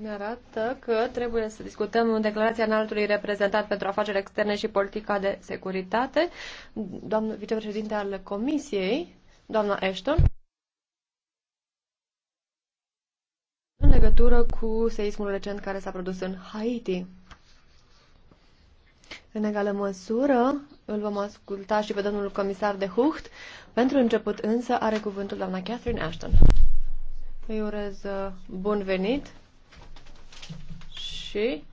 ne arată că trebuie să discutăm în declarația înaltului reprezentant pentru afaceri externe și politica de securitate, doamnă vicepreședinte al Comisiei, doamna Ashton. în legătură cu seismul recent care s-a produs în Haiti. În egală măsură, îl vom asculta și pe domnul comisar de Hucht. Pentru început însă are cuvântul doamna Catherine Ashton. Îi urez uh, bun venit și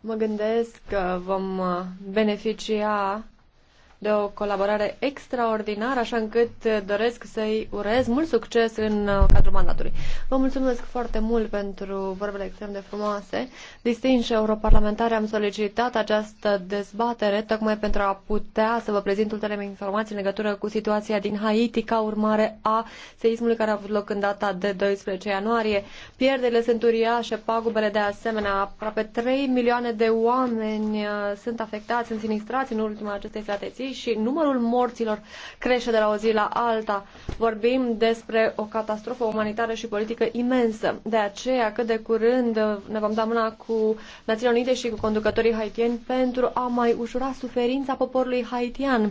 mă gândesc că vom beneficia de o colaborare extraordinară, așa încât uh, doresc să-i urez mult succes în uh, cadrul mandatului. Vă mulțumesc foarte mult pentru vorbele extrem de frumoase. Distinși europarlamentari, am solicitat această dezbatere tocmai pentru a putea să vă prezint ultimele informații în legătură cu situația din Haiti ca urmare a seismului care a avut loc în data de 12 ianuarie. Pierderile sunt uriașe, pagubele de asemenea. Aproape 3 milioane de oameni uh, sunt afectați, sunt sinistrați în ultima acestei strategii zi și numărul morților crește de la o zi la alta. Vorbim despre o catastrofă umanitară și politică imensă. De aceea, cât de curând ne vom da mâna cu Națiunile Unite și cu conducătorii haitieni pentru a mai ușura suferința poporului haitian.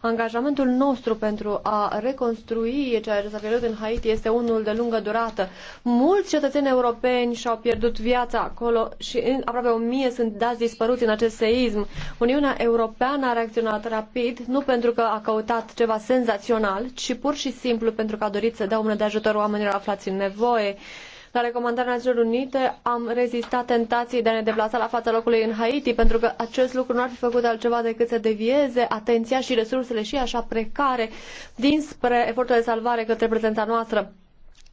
Angajamentul nostru pentru a reconstrui ceea ce s-a pierdut în Haiti este unul de lungă durată. Mulți cetățeni europeni și-au pierdut viața acolo și aproape o mie sunt dați dispăruți în acest seism. Uniunea Europeană a reacționat rapid rapid, nu pentru că a căutat ceva senzațional, ci pur și simplu pentru că a dorit să dea mână de ajutor oamenilor aflați în nevoie. La recomandarea Națiunilor Unite am rezistat tentației de a ne deplasa la fața locului în Haiti, pentru că acest lucru nu ar fi făcut altceva decât să devieze atenția și resursele și așa precare dinspre efortul de salvare către prezența noastră.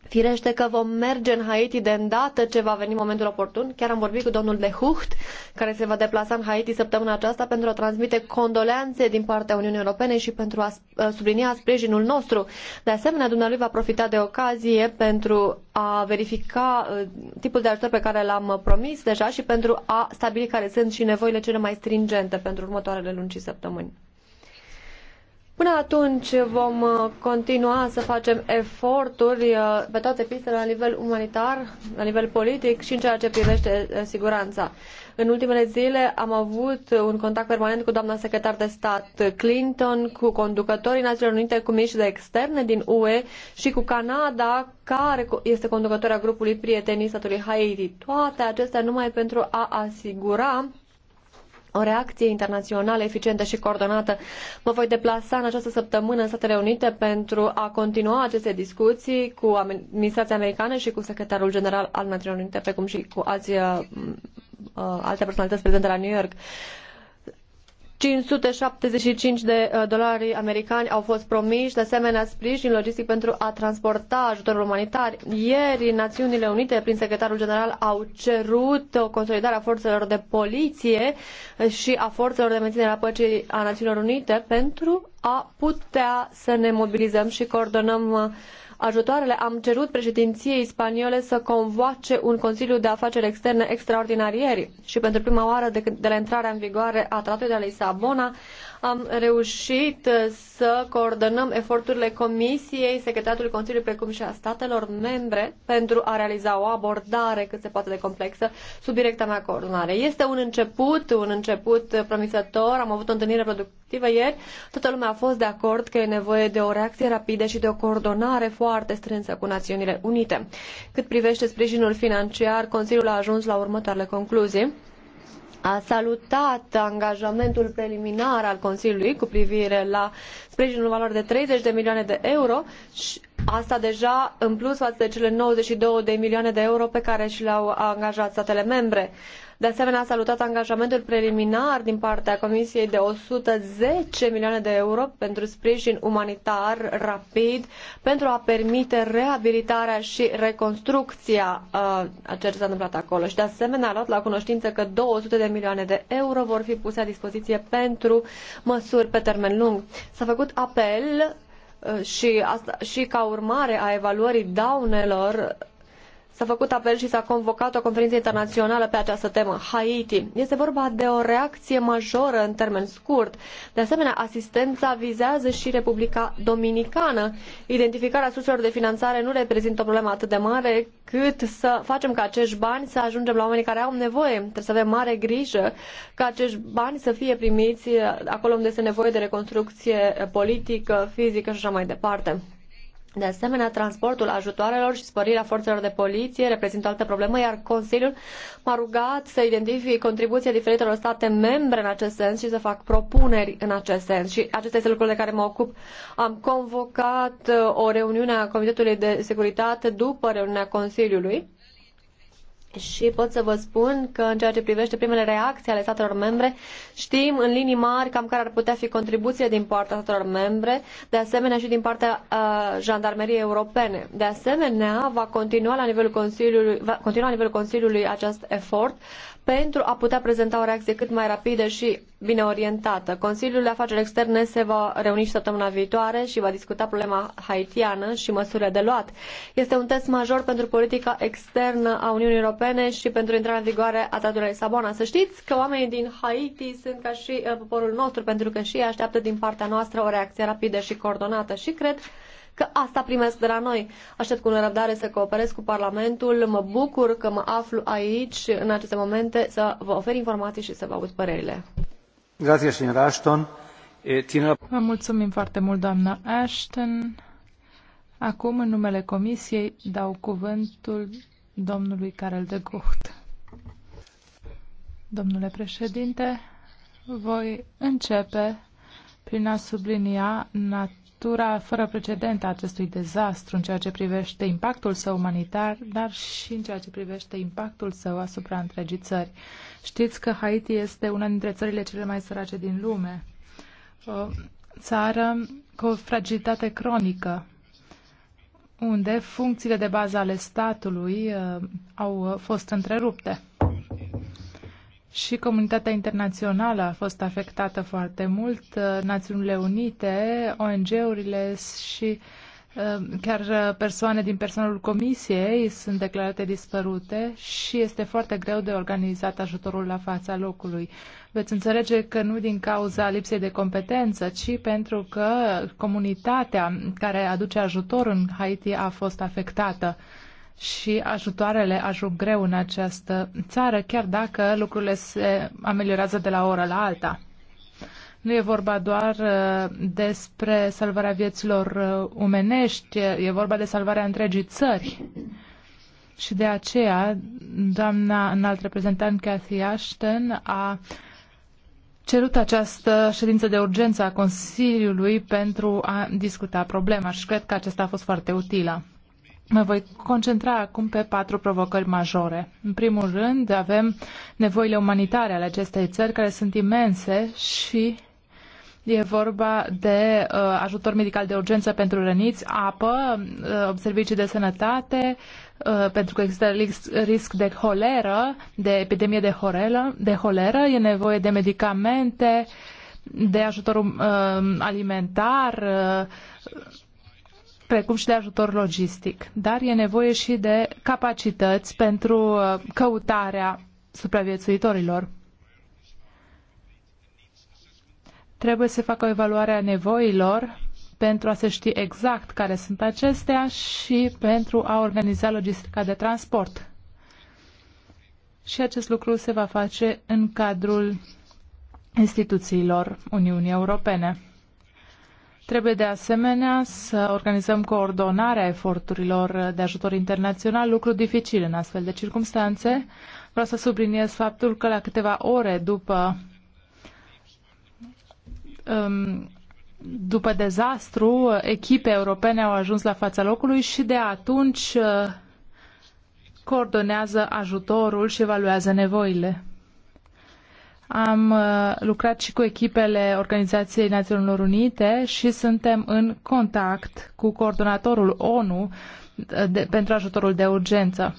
Firește că vom merge în Haiti de îndată ce va veni momentul oportun. Chiar am vorbit cu domnul de Hucht, care se va deplasa în Haiti săptămâna aceasta pentru a transmite condoleanțe din partea Uniunii Europene și pentru a uh, sublinia sprijinul nostru. De asemenea, dumnealui va profita de ocazie pentru a verifica uh, tipul de ajutor pe care l-am promis deja și pentru a stabili care sunt și nevoile cele mai stringente pentru următoarele luni și săptămâni. Până atunci vom uh, continua să facem eforturi uh, pe toate pistele la nivel umanitar, la nivel politic și în ceea ce privește uh, siguranța. În ultimele zile am avut un contact permanent cu doamna secretar de stat Clinton, cu conducătorii Națiunilor Unite, cu miști de externe din UE și cu Canada, care este conducătoarea grupului Prietenii statului Haiti. Toate acestea numai pentru a asigura o reacție internațională eficientă și coordonată. Mă voi deplasa în această săptămână în Statele Unite pentru a continua aceste discuții cu administrația americană și cu secretarul general al Națiunilor Unite, precum și cu alți, mm, mm, alte personalități prezente la New York. 575 de uh, dolari americani au fost promiși, de asemenea sprijin logistic pentru a transporta ajutorul umanitar. Ieri, Națiunile Unite, prin secretarul general, au cerut o consolidare a forțelor de poliție și a forțelor de menținere a păcii a Națiunilor Unite pentru a putea să ne mobilizăm și coordonăm uh, ajutoarele, am cerut președinției spaniole să convoace un Consiliu de Afaceri Externe extraordinar ieri și pentru prima oară de, de la intrarea în vigoare a Tratatului de la Lisabona am reușit uh, să coordonăm eforturile Comisiei, Secretatului Consiliului, precum și a statelor membre pentru a realiza o abordare cât se poate de complexă sub directa mea coordonare. Este un început, un început promisător. Am avut o întâlnire productivă ieri. Toată lumea a fost de acord că e nevoie de o reacție rapidă și de o coordonare foarte strânsă cu Națiunile Unite. Cât privește sprijinul financiar, Consiliul a ajuns la următoarele concluzii a salutat angajamentul preliminar al Consiliului cu privire la sprijinul valor de 30 de milioane de euro și asta deja în plus față de cele 92 de milioane de euro pe care și le-au angajat statele membre. De asemenea, a salutat angajamentul preliminar din partea Comisiei de 110 milioane de euro pentru sprijin umanitar rapid pentru a permite reabilitarea și reconstrucția a uh, ceea ce s-a întâmplat acolo. Și de asemenea, a luat la cunoștință că 200 de milioane de euro vor fi puse la dispoziție pentru măsuri pe termen lung. S-a făcut apel uh, și, asta, și ca urmare a evaluării daunelor S-a făcut apel și s-a convocat o conferință internațională pe această temă, Haiti. Este vorba de o reacție majoră în termen scurt. De asemenea, asistența vizează și Republica Dominicană. Identificarea surselor de finanțare nu reprezintă o problemă atât de mare cât să facem ca acești bani să ajungem la oamenii care au nevoie. Trebuie să avem mare grijă ca acești bani să fie primiți acolo unde este nevoie de reconstrucție politică, fizică și așa mai departe. De asemenea, transportul ajutoarelor și sporirea forțelor de poliție reprezintă o altă problemă, iar Consiliul m-a rugat să identific contribuția diferitelor state membre în acest sens și să fac propuneri în acest sens. Și acesta este lucrul de care mă ocup. Am convocat uh, o reuniune a Comitetului de Securitate după reuniunea Consiliului și pot să vă spun că în ceea ce privește primele reacții ale statelor membre, știm în linii mari cam care ar putea fi contribuție din partea statelor membre, de asemenea și din partea uh, jandarmeriei europene. De asemenea, va continua la nivelul Consiliului, va continua la nivelul Consiliului acest efort pentru a putea prezenta o reacție cât mai rapidă și bine orientată. Consiliul de Afaceri Externe se va reuni și săptămâna viitoare și va discuta problema haitiană și măsurile de luat. Este un test major pentru politica externă a Uniunii Europene și pentru intrarea în vigoare a Tratatului Lisabona. Să știți că oamenii din Haiti sunt ca și uh, poporul nostru, pentru că și ei așteaptă din partea noastră o reacție rapidă și coordonată și cred că asta primesc de la noi. Aștept cu nerăbdare să cooperez cu Parlamentul. Mă bucur că mă aflu aici în aceste momente să vă ofer informații și să vă aud părerile. Ashton. Eh, vă mulțumim foarte mult, doamna Ashton. Acum, în numele Comisiei, dau cuvântul domnului Karel de Gucht. Domnule președinte, voi începe prin a sublinia natura natura fără precedent a acestui dezastru în ceea ce privește impactul său umanitar, dar și în ceea ce privește impactul său asupra întregii țări. Știți că Haiti este una dintre țările cele mai sărace din lume, o țară cu o fragilitate cronică, unde funcțiile de bază ale statului uh, au uh, fost întrerupte și comunitatea internațională a fost afectată foarte mult, uh, Națiunile Unite, ONG-urile și uh, chiar uh, persoane din personalul comisiei sunt declarate dispărute și este foarte greu de organizat ajutorul la fața locului. Veți înțelege că nu din cauza lipsei de competență, ci pentru că comunitatea care aduce ajutor în Haiti a fost afectată și ajutoarele ajung greu în această țară, chiar dacă lucrurile se ameliorează de la o oră la alta. Nu e vorba doar uh, despre salvarea vieților uh, umenești, e vorba de salvarea întregii țări. Și de aceea, doamna înalt reprezentant Cathy Ashton a cerut această ședință de urgență a Consiliului pentru a discuta problema și cred că aceasta a fost foarte utilă. Mă voi concentra acum pe patru provocări majore. În primul rând, avem nevoile umanitare ale acestei țări, care sunt imense și e vorba de uh, ajutor medical de urgență pentru răniți, apă, uh, servicii de sănătate, uh, pentru că există risc de holeră, de epidemie de, horelă, de holeră, e nevoie de medicamente, de ajutor uh, alimentar. Uh, precum și de ajutor logistic. Dar e nevoie și de capacități pentru uh, căutarea supraviețuitorilor. Trebuie să facă o evaluare a nevoilor pentru a se ști exact care sunt acestea și pentru a organiza logistica de transport. Și acest lucru se va face în cadrul instituțiilor Uniunii Europene. Trebuie de asemenea să organizăm coordonarea eforturilor de ajutor internațional, lucru dificil în astfel de circunstanțe. Vreau să subliniez faptul că la câteva ore după um, după dezastru, echipe europene au ajuns la fața locului și de atunci uh, coordonează ajutorul și evaluează nevoile. Am uh, lucrat și cu echipele Organizației Națiunilor Unite și suntem în contact cu coordonatorul ONU uh, de, pentru ajutorul de urgență.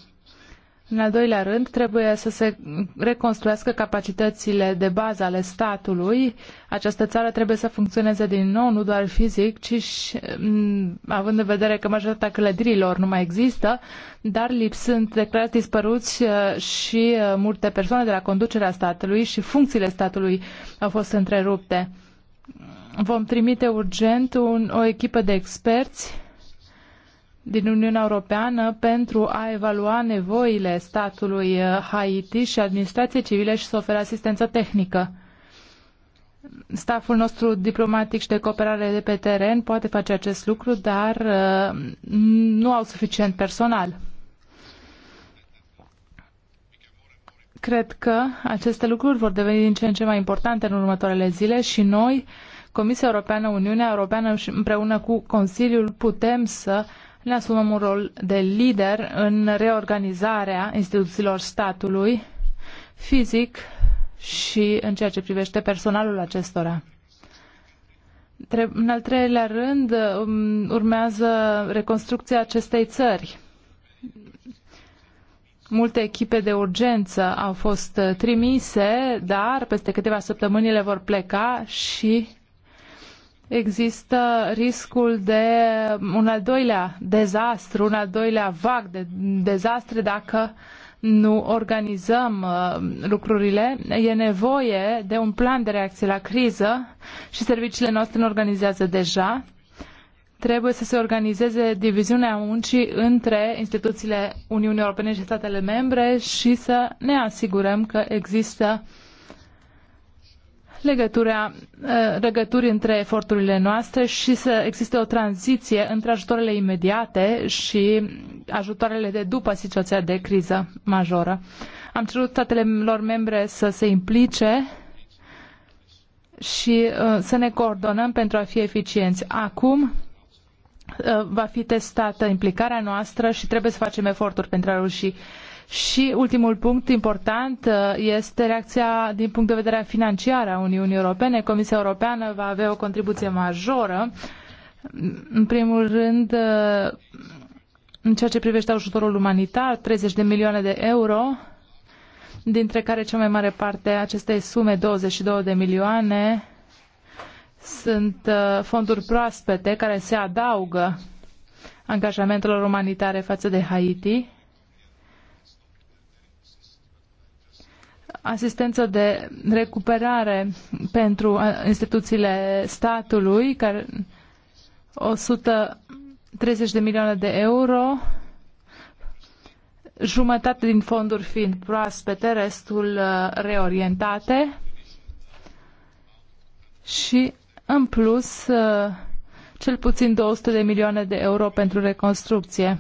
În al doilea rând, trebuie să se reconstruiască capacitățile de bază ale statului. Această țară trebuie să funcționeze din nou, nu doar fizic, ci și, mm, având în vedere că majoritatea clădirilor nu mai există, dar lipsând declarat dispăruți uh, și uh, multe persoane de la conducerea statului și funcțiile statului au fost întrerupte. Vom trimite urgent un, o echipă de experți din Uniunea Europeană pentru a evalua nevoile statului uh, Haiti și administrației civile și să ofere asistență tehnică. Staful nostru diplomatic și de cooperare de pe teren poate face acest lucru, dar uh, nu au suficient personal. Cred că aceste lucruri vor deveni din ce în ce mai importante în următoarele zile și noi, Comisia Europeană, Uniunea Europeană și împreună cu Consiliul putem să uh, ne asumăm un rol de lider în reorganizarea instituțiilor statului fizic și în ceea ce privește personalul acestora. În al treilea rând, um, urmează reconstrucția acestei țări. Multe echipe de urgență au fost trimise, dar peste câteva săptămâni le vor pleca și există riscul de un al doilea dezastru, un al doilea vag de dezastre dacă nu organizăm uh, lucrurile. E nevoie de un plan de reacție la criză și serviciile noastre nu organizează deja. Trebuie să se organizeze diviziunea muncii între instituțiile Uniunii Europene și statele membre și să ne asigurăm că există uh, legătura, eh, legături între eforturile noastre și să existe o tranziție între ajutoarele imediate și ajutoarele de după situația de criză majoră. Am cerut statelor membre să se implice și eh, să ne coordonăm pentru a fi eficienți. Acum eh, va fi testată implicarea noastră și trebuie să facem eforturi pentru a reuși și ultimul punct important uh, este reacția din punct de vedere financiar a Uniunii Europene. Comisia Europeană va avea o contribuție majoră. În primul rând, uh, în ceea ce privește ajutorul umanitar, 30 de milioane de euro, dintre care cea mai mare parte a acestei sume, 22 de milioane, sunt uh, fonduri proaspete care se adaugă angajamentelor umanitare față de Haiti asistență de recuperare pentru instituțiile statului, care 130 de milioane de euro, jumătate din fonduri fiind proaspete, restul uh, reorientate și, în plus, uh, cel puțin 200 de milioane de euro pentru reconstrucție.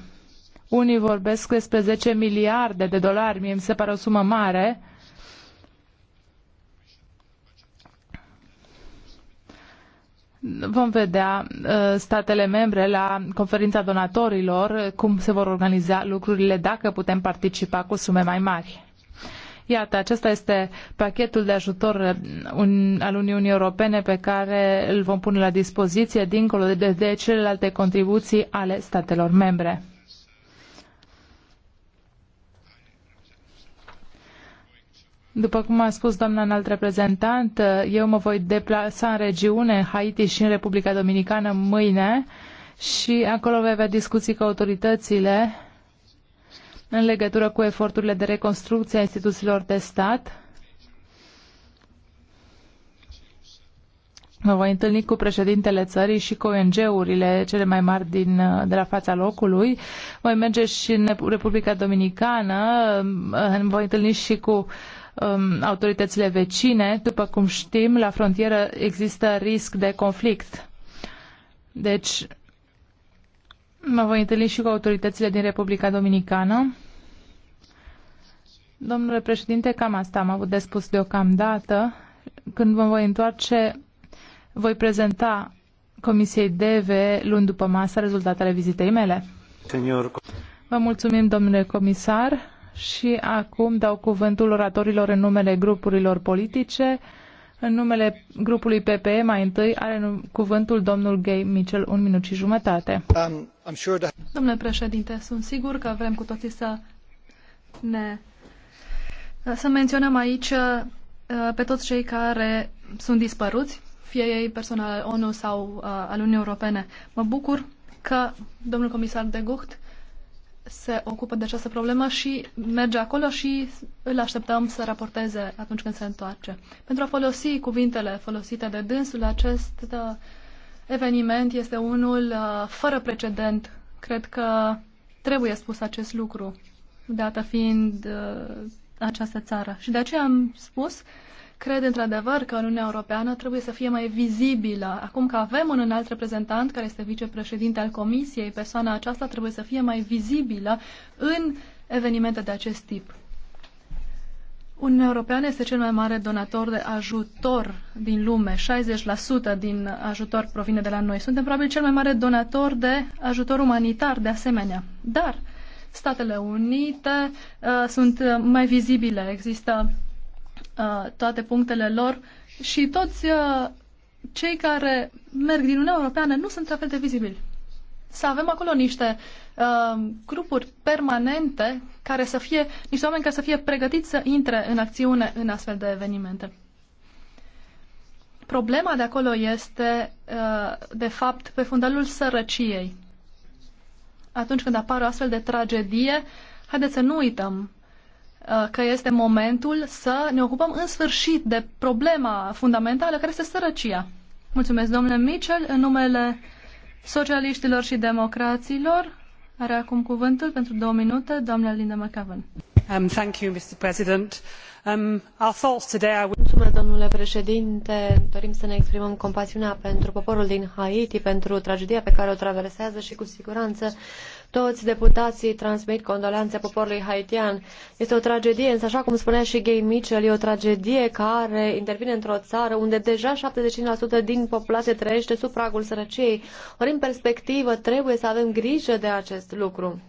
Unii vorbesc despre 10 miliarde de dolari, mie mi se pare o sumă mare, Vom vedea uh, statele membre la conferința donatorilor uh, cum se vor organiza lucrurile dacă putem participa cu sume mai mari. Iată, acesta este pachetul de ajutor uh, al Uniunii Europene pe care îl vom pune la dispoziție dincolo de, celelalte contribuții ale statelor membre. După cum a spus doamna înalt reprezentant, eu mă voi deplasa în regiune, în Haiti și în Republica Dominicană mâine și acolo voi avea discuții cu autoritățile în legătură cu eforturile de reconstrucție a instituțiilor de stat. Mă voi întâlni cu președintele țării și cu ONG-urile cele mai mari din, de la fața locului. Voi merge și în Republica Dominicană, voi întâlni și cu uh, um, autoritățile vecine. După cum știm, la frontieră există risc de conflict. Deci, mă voi întâlni și cu autoritățile din Republica Dominicană. Domnule președinte, cam asta am avut de spus deocamdată. Când mă voi întoarce, voi prezenta Comisiei DEVE luni după masă rezultatele vizitei mele. Senior. Vă mulțumim, domnule comisar și acum dau cuvântul oratorilor în numele grupurilor politice. În numele grupului PPE, mai întâi are cuvântul domnul Gay Mitchell, un minut și jumătate. Um, Domnule președinte, sunt sigur că vrem cu toții să ne... să menționăm aici uh, pe toți cei care sunt dispăruți, fie ei personal al ONU sau uh, al Uniunii Europene. Mă bucur că domnul comisar de Gucht se ocupă de această problemă și merge acolo și îl așteptăm să raporteze atunci când se întoarce. Pentru a folosi cuvintele folosite de dânsul, acest uh, eveniment este unul uh, fără precedent. Cred că trebuie spus acest lucru, dată fiind uh, această țară. Și de aceea am spus Cred într-adevăr că Uniunea Europeană trebuie să fie mai vizibilă. Acum că avem un înalt reprezentant care este vicepreședinte al Comisiei, persoana aceasta trebuie să fie mai vizibilă în evenimente de acest tip. Uniunea Europeană este cel mai mare donator de ajutor din lume. 60% din ajutor provine de la noi. Suntem probabil cel mai mare donator de ajutor umanitar, de asemenea. Dar Statele Unite uh, sunt mai vizibile. Există Uh, toate punctele lor și toți uh, cei care merg din Uniunea Europeană nu sunt la fel de vizibili. Să avem acolo niște uh, grupuri permanente care să fie, niște oameni care să fie pregătiți să intre în acțiune în astfel de evenimente. Problema de acolo este, uh, de fapt, pe fundalul sărăciei. Atunci când apare o astfel de tragedie, haideți să nu uităm Uh, că este momentul să ne ocupăm în sfârșit de problema fundamentală care este sărăcia. Mulțumesc, domnule Mitchell. În numele socialiștilor și democraților, are acum cuvântul pentru două minute doamna Linda McAvan. Um, thank you, Mr. President. Um, our thoughts today are... Mulțumesc, domnule președinte. Dorim să ne exprimăm compasiunea pentru poporul din Haiti, pentru tragedia pe care o traversează și cu siguranță toți deputații transmit condolențe poporului haitian. Este o tragedie, însă așa cum spunea și Gay Mitchell, e o tragedie care intervine într-o țară unde deja 75% din populație trăiește sub pragul sărăciei. Ori în perspectivă trebuie să avem grijă de acest lucru.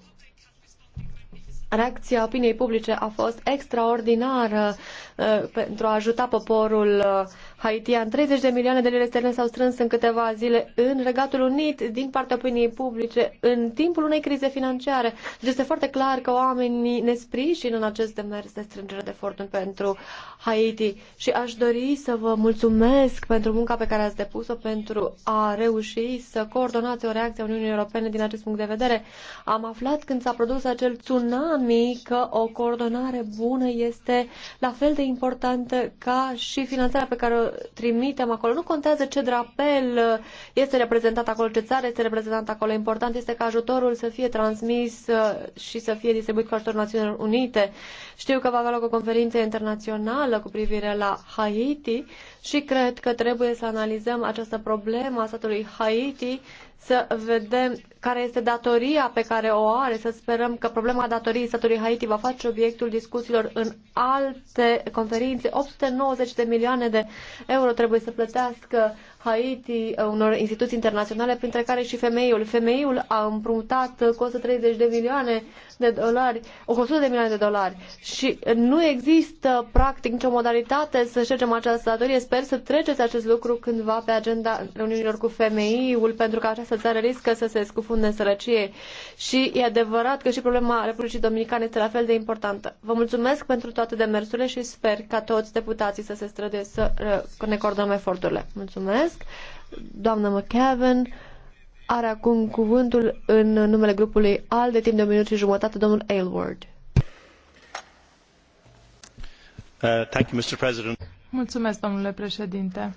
Reacția opiniei publice a fost extraordinară uh, pentru a ajuta poporul uh, haitian. 30 de milioane de lire sterline s-au strâns în câteva zile în Regatul Unit din partea opiniei publice în timpul unei crize financiare. Deci este foarte clar că oamenii ne sprijină în acest demers de strângere de fonduri pentru Haiti. Și aș dori să vă mulțumesc pentru munca pe care ați depus-o pentru a reuși să coordonați o reacție a Uniunii Europene din acest punct de vedere. Am aflat când s-a produs acel tsunami că o coordonare bună este la fel de importantă ca și finanțarea pe care o trimitem acolo. Nu contează ce drapel uh, este reprezentat acolo, ce țară este reprezentat acolo. Important este ca ajutorul să fie transmis uh, și să fie distribuit cu ajutorul Națiunilor Unite. Știu că va avea loc o conferință internațională cu privire la Haiti și cred că trebuie să analizăm această problemă a statului Haiti să vedem care este datoria pe care o are, să sperăm că problema datoriei statului Haiti va face obiectul discuțiilor în alte conferințe. 890 de milioane de euro trebuie să plătească Haiti uh, unor instituții internaționale, printre care și femeiul. Femeiul a împrumutat uh, cu 130 de milioane de dolari, o 100 de milioane de dolari și nu există practic nicio modalitate să ștergem această datorie. Sper să treceți acest lucru cândva pe agenda reuniunilor cu femeiul, pentru că această țară riscă să se scufunde în sărăcie. Și e adevărat că și problema Republicii Dominicane este la fel de importantă. Vă mulțumesc pentru toate demersurile și sper ca toți deputații să se străduiesc să uh, ne coordonăm eforturile. Mulțumesc! Mulțumesc. Doamna McCaven are acum cuvântul în numele grupului AL de timp de un minut și jumătate, domnul Aylward. Uh, thank you, Mr. President. Mulțumesc, domnule președinte.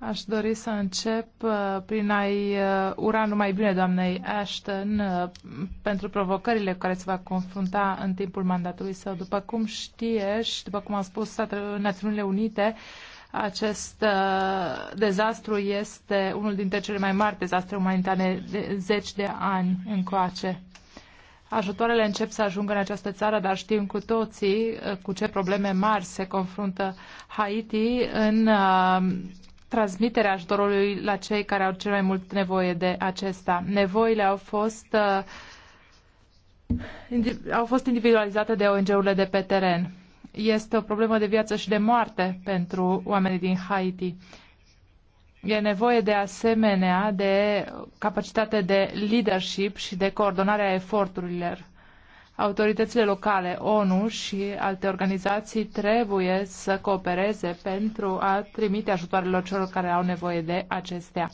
Aș dori să încep uh, prin a-i uh, ura numai bine doamnei Ashton uh, pentru provocările cu care se va confrunta în timpul mandatului său. După cum știe și după cum am spus Națiunile Unite, acest uh, dezastru este unul dintre cele mai mari dezastre umanitare de zeci de ani încoace. Ajutoarele încep să ajungă în această țară, dar știm cu toții uh, cu ce probleme mari se confruntă Haiti în uh, transmiterea ajutorului la cei care au cel mai mult nevoie de acesta. Nevoile au fost uh, au fost individualizate de ONG-urile de pe teren este o problemă de viață și de moarte pentru oamenii din Haiti. E nevoie de asemenea de capacitate de leadership și de coordonare a eforturilor. Autoritățile locale, ONU și alte organizații trebuie să coopereze pentru a trimite ajutoarelor celor care au nevoie de acestea.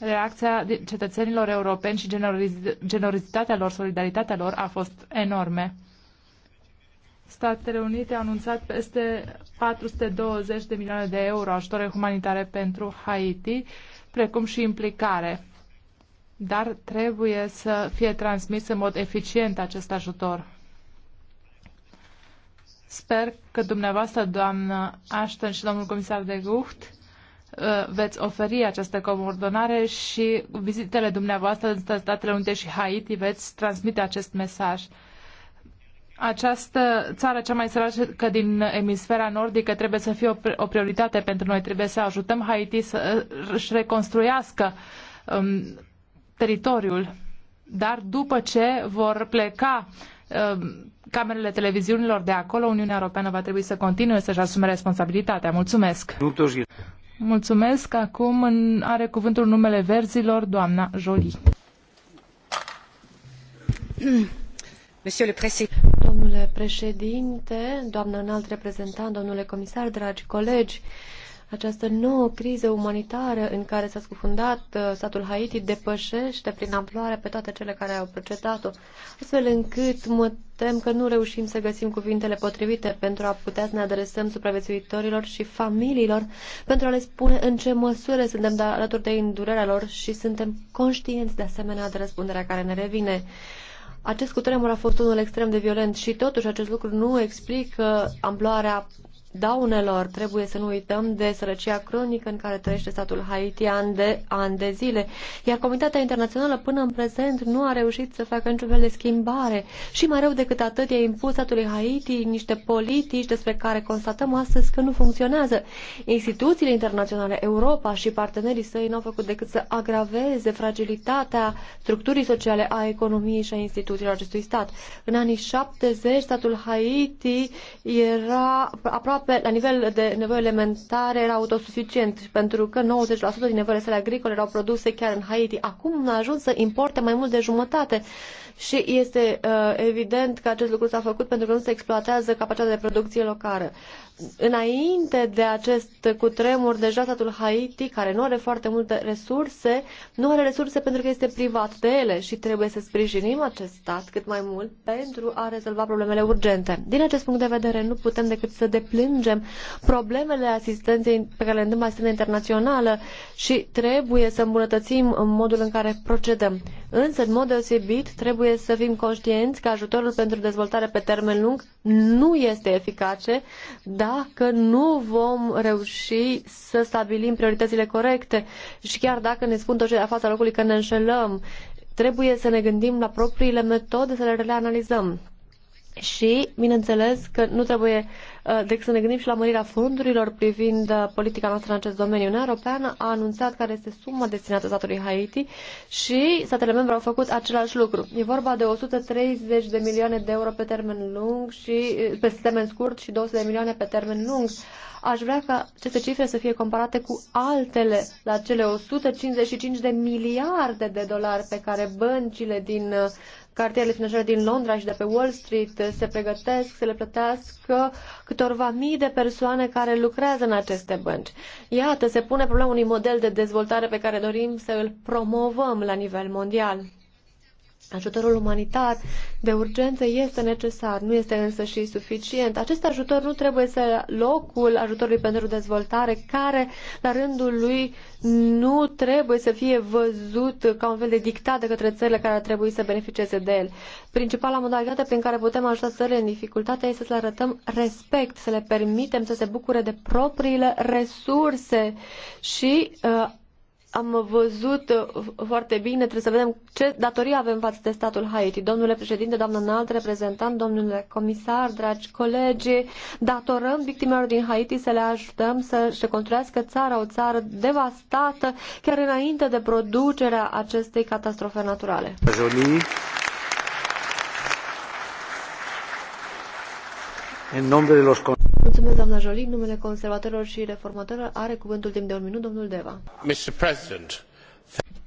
Reacția cetățenilor europeni și generozitatea lor, solidaritatea lor a fost enorme. Statele Unite au anunțat peste 420 de milioane de euro ajutoare humanitare pentru Haiti, precum și implicare. Dar trebuie să fie transmis în mod eficient acest ajutor. Sper că dumneavoastră, doamnă Ashton și domnul comisar de Gucht, uh, veți oferi această coordonare și vizitele dumneavoastră în Statele Unite și Haiti veți transmite acest mesaj această țară cea mai săracă din emisfera nordică trebuie să fie o prioritate pentru noi. Trebuie să ajutăm Haiti să își reconstruiască um, teritoriul. Dar după ce vor pleca um, camerele televiziunilor de acolo, Uniunea Europeană va trebui să continue să-și asume responsabilitatea. Mulțumesc! Mulțumesc! Acum are cuvântul numele verzilor doamna Jolie. Monsieur le Président domnule președinte, doamnă înalt reprezentant, domnule comisar, dragi colegi, această nouă criză umanitară în care s-a scufundat uh, statul Haiti depășește prin amploare pe toate cele care au precedat-o, astfel încât mă tem că nu reușim să găsim cuvintele potrivite pentru a putea să ne adresăm supraviețuitorilor și familiilor, pentru a le spune în ce măsură suntem de da-, alături de îndurerea lor și suntem conștienți de asemenea de răspunderea care ne revine. Acest cutremur a fost unul extrem de violent și totuși acest lucru nu explică amploarea daunelor. Trebuie să nu uităm de sărăcia cronică în care trăiește statul Haiti ani de, an de zile, iar comunitatea internațională până în prezent nu a reușit să facă niciun fel de schimbare. Și mai rău decât atât, e impus statului Haiti niște politici despre care constatăm astăzi că nu funcționează. Instituțiile internaționale, Europa și partenerii săi nu au făcut decât să agraveze fragilitatea structurii sociale a economiei și a instituțiilor acestui stat. În anii 70, statul Haiti era aproape aproape la nivel de nevoi elementare era autosuficient, pentru că 90% din nevoile sale agricole erau produse chiar în Haiti. Acum a ajuns să importe mai mult de jumătate și este uh, evident că acest lucru s-a făcut pentru că nu se exploatează capacitatea de producție locală. Înainte de acest cutremur, deja statul Haiti, care nu are foarte multe resurse, nu are resurse pentru că este privat de ele și trebuie să sprijinim acest stat cât mai mult pentru a rezolva problemele urgente. Din acest punct de vedere, nu putem decât să deplângem problemele asistenței pe care le întâmplă asistența internațională și trebuie să îmbunătățim modul în care procedăm. Însă, în mod deosebit, trebuie să fim conștienți că ajutorul pentru dezvoltare pe termen lung nu este eficace, dar dacă nu vom reuși să stabilim prioritățile corecte și chiar dacă ne spun toți ce la fața locului că ne înșelăm, trebuie să ne gândim la propriile metode, să le reanalizăm și, bineînțeles, că nu trebuie uh, decât să ne gândim și la mărirea fondurilor privind uh, politica noastră în acest domeniu. Uniunea Europeană a anunțat care este suma destinată statului Haiti și statele membre au făcut același lucru. E vorba de 130 de milioane de euro pe termen lung și uh, pe termen scurt și 200 de milioane pe termen lung. Aș vrea ca aceste cifre să fie comparate cu altele, la cele 155 de miliarde de dolari pe care băncile din cartierele financiare din Londra și de pe Wall Street se pregătesc să le plătească câtorva mii de persoane care lucrează în aceste bănci. Iată, se pune problema unui model de dezvoltare pe care dorim să îl promovăm la nivel mondial. Ajutorul umanitar de urgență este necesar, nu este însă și suficient. Acest ajutor nu trebuie să locul ajutorului pentru dezvoltare, care la rândul lui nu trebuie să fie văzut ca un fel de dictat de către țările care ar trebui să beneficieze de el. Principala modalitate prin care putem ajuta țările în dificultate este să le arătăm respect, să le permitem să se bucure de propriile resurse și uh, am văzut uh, foarte bine, trebuie să vedem ce datorie avem față de statul Haiti. Domnule președinte, doamnă înalt reprezentant, domnule comisar, dragi colegi, datorăm victimelor din Haiti să le ajutăm să se construiască țara, o țară devastată chiar înainte de producerea acestei catastrofe naturale. Jolie. În numele los... Mulțumesc, doamna Jolie. Numele conservatorilor și reformatorilor are cuvântul timp de un minut, domnul Deva. Mr. President.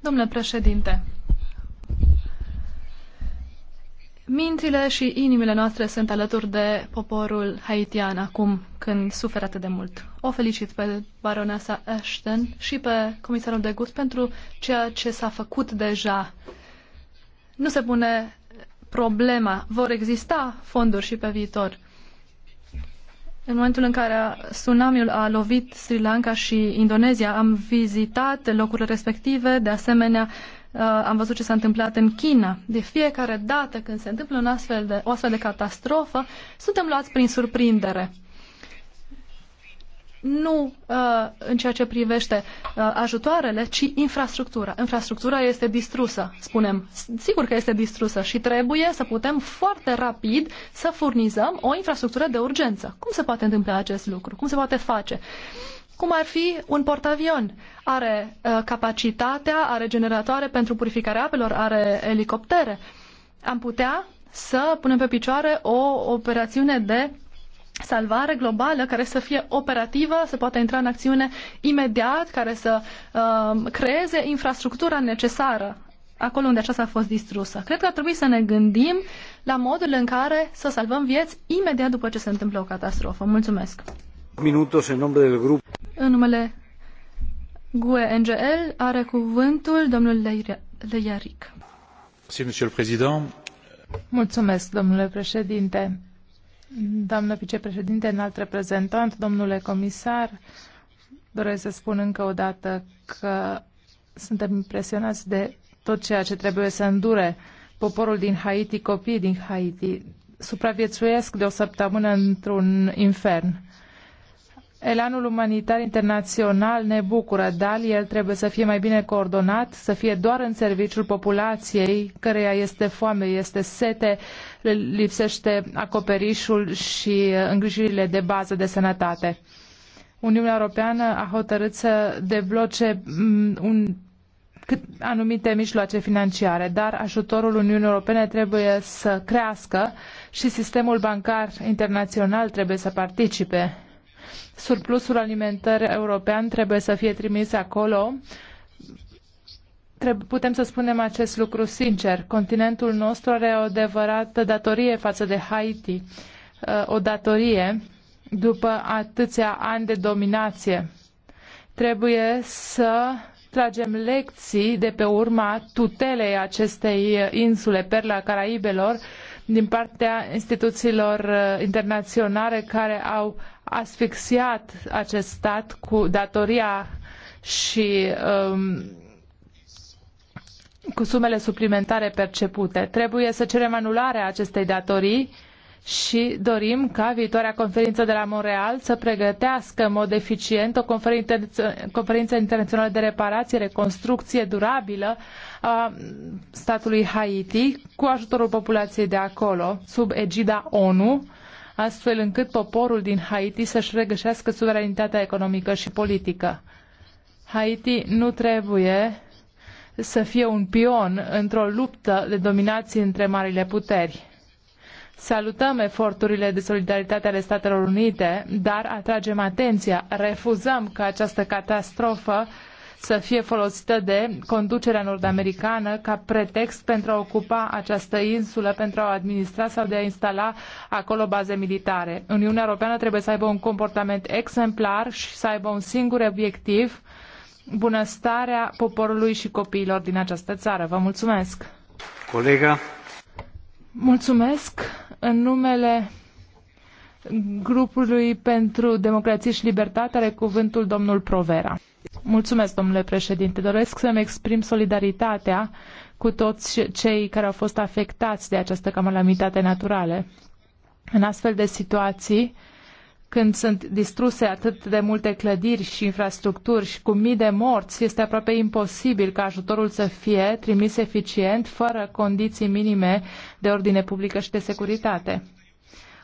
Domnule președinte, mințile și inimile noastre sunt alături de poporul haitian acum când suferă atât de mult. O felicit pe baronesa Ashton și pe comisarul de gust pentru ceea ce s-a făcut deja. Nu se pune problema. Vor exista fonduri și pe viitor. În momentul în care tsunamiul a lovit Sri Lanka și Indonezia, am vizitat locurile respective, de asemenea uh, am văzut ce s-a întâmplat în China. De fiecare dată când se întâmplă un astfel de, o astfel de catastrofă, suntem luați prin surprindere nu uh, în ceea ce privește uh, ajutoarele, ci infrastructura. Infrastructura este distrusă, spunem. Sigur că este distrusă și trebuie să putem foarte rapid să furnizăm o infrastructură de urgență. Cum se poate întâmpla acest lucru? Cum se poate face? Cum ar fi un portavion? Are uh, capacitatea, are generatoare pentru purificarea apelor, are elicoptere. Am putea să punem pe picioare o operațiune de salvare globală care să fie operativă, să poată intra în acțiune imediat, care să uh, creeze infrastructura necesară acolo unde aceasta a fost distrusă. Cred că ar trebui să ne gândim la modul în care să salvăm vieți imediat după ce se întâmplă o catastrofă. Mulțumesc! Minutos în numele del grup. În numele GUE NGL are cuvântul domnul Leiaric. Mulțumesc, domnule președinte. Doamnă vicepreședinte, înalt reprezentant, domnule comisar, doresc să spun încă o dată că suntem impresionați de tot ceea ce trebuie să îndure poporul din Haiti, copiii din Haiti. Supraviețuiesc de o săptămână într-un infern. Elanul umanitar internațional ne bucură, dar el trebuie să fie mai bine coordonat, să fie doar în serviciul populației, căreia este foame, este sete, uh, le lipsește acoperișul și uh, îngrijirile de bază de sănătate. Uniunea Europeană a hotărât să debloce mm, un, cât, anumite mijloace financiare, dar ajutorul Uniunii Europene trebuie să crească și sistemul bancar internațional trebuie să participe. Surplusul alimentar european trebuie să fie trimis acolo putem să spunem acest lucru sincer. Continentul nostru are o adevărată datorie față de Haiti, uh, o datorie după atâția ani de dominație. Trebuie să tragem lecții de pe urma tutelei acestei insule, perla Caraibelor, din partea instituțiilor uh, internaționale care au asfixiat acest stat cu datoria și um, cu sumele suplimentare percepute. Trebuie să cerem anularea acestei datorii și dorim ca viitoarea conferință de la Montreal să pregătească în mod eficient o conferință internațională de reparație, reconstrucție durabilă a statului Haiti cu ajutorul populației de acolo, sub egida ONU, astfel încât poporul din Haiti să-și regășească suveranitatea economică și politică. Haiti nu trebuie să fie un pion într-o luptă de dominație între marile puteri. Salutăm eforturile de solidaritate ale Statelor Unite, dar atragem atenția, refuzăm ca această catastrofă să fie folosită de conducerea nord-americană ca pretext pentru a ocupa această insulă, pentru a o administra sau de a instala acolo baze militare. Uniunea Europeană trebuie să aibă un comportament exemplar și să aibă un singur obiectiv, bunăstarea poporului și copiilor din această țară. Vă mulțumesc! Colega! Mulțumesc în numele grupului pentru democrație și libertate are cuvântul domnul Provera. Mulțumesc, domnule președinte. Doresc să-mi exprim solidaritatea cu toți cei care au fost afectați de această calamitate naturală. În astfel de situații, când sunt distruse atât de multe clădiri și infrastructuri și cu mii de morți, este aproape imposibil ca ajutorul să fie trimis eficient, fără condiții minime de ordine publică și de securitate.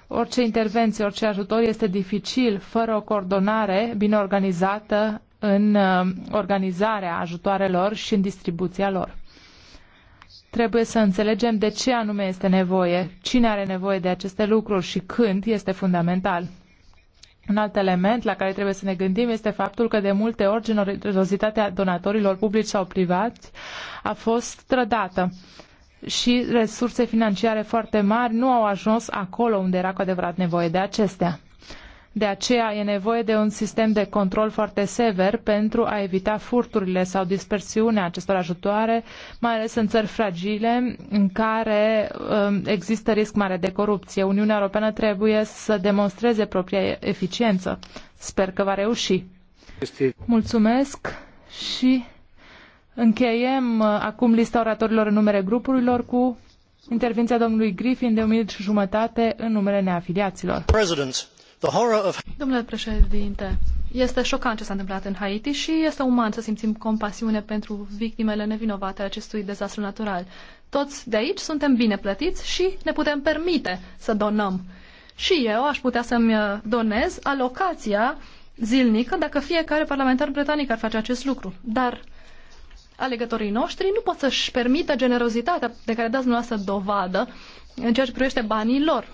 Orice intervenție, orice ajutor este dificil fără o coordonare bine organizată în uh, organizarea ajutoarelor și în distribuția lor. Trebuie să înțelegem de ce anume este nevoie, cine are nevoie de aceste lucruri și când este fundamental. Un alt element la care trebuie să ne gândim este faptul că de multe ori generozitatea donatorilor publici sau privați a fost trădată și resurse financiare foarte mari nu au ajuns acolo unde era cu adevărat nevoie de acestea. De aceea e nevoie de un sistem de control foarte sever pentru a evita furturile sau dispersiunea acestor ajutoare, mai ales în țări fragile în care um, există risc mare de corupție. Uniunea Europeană trebuie să demonstreze propria eficiență. Sper că va reuși. Mulțumesc și încheiem uh, acum lista oratorilor în numere grupurilor cu intervenția domnului Griffin de un minut și jumătate în numele neafiliaților. President. Domnule președinte, este șocant ce s-a întâmplat în Haiti și este uman să simțim compasiune pentru victimele nevinovate ale acestui dezastru natural. Toți de aici suntem bine plătiți și ne putem permite să donăm. Și eu aș putea să-mi uh, donez alocația zilnică dacă fiecare parlamentar britanic ar face acest lucru. Dar alegătorii noștri nu pot să-și permită generozitatea de care dați dumneavoastră dovadă în ceea ce privește banii lor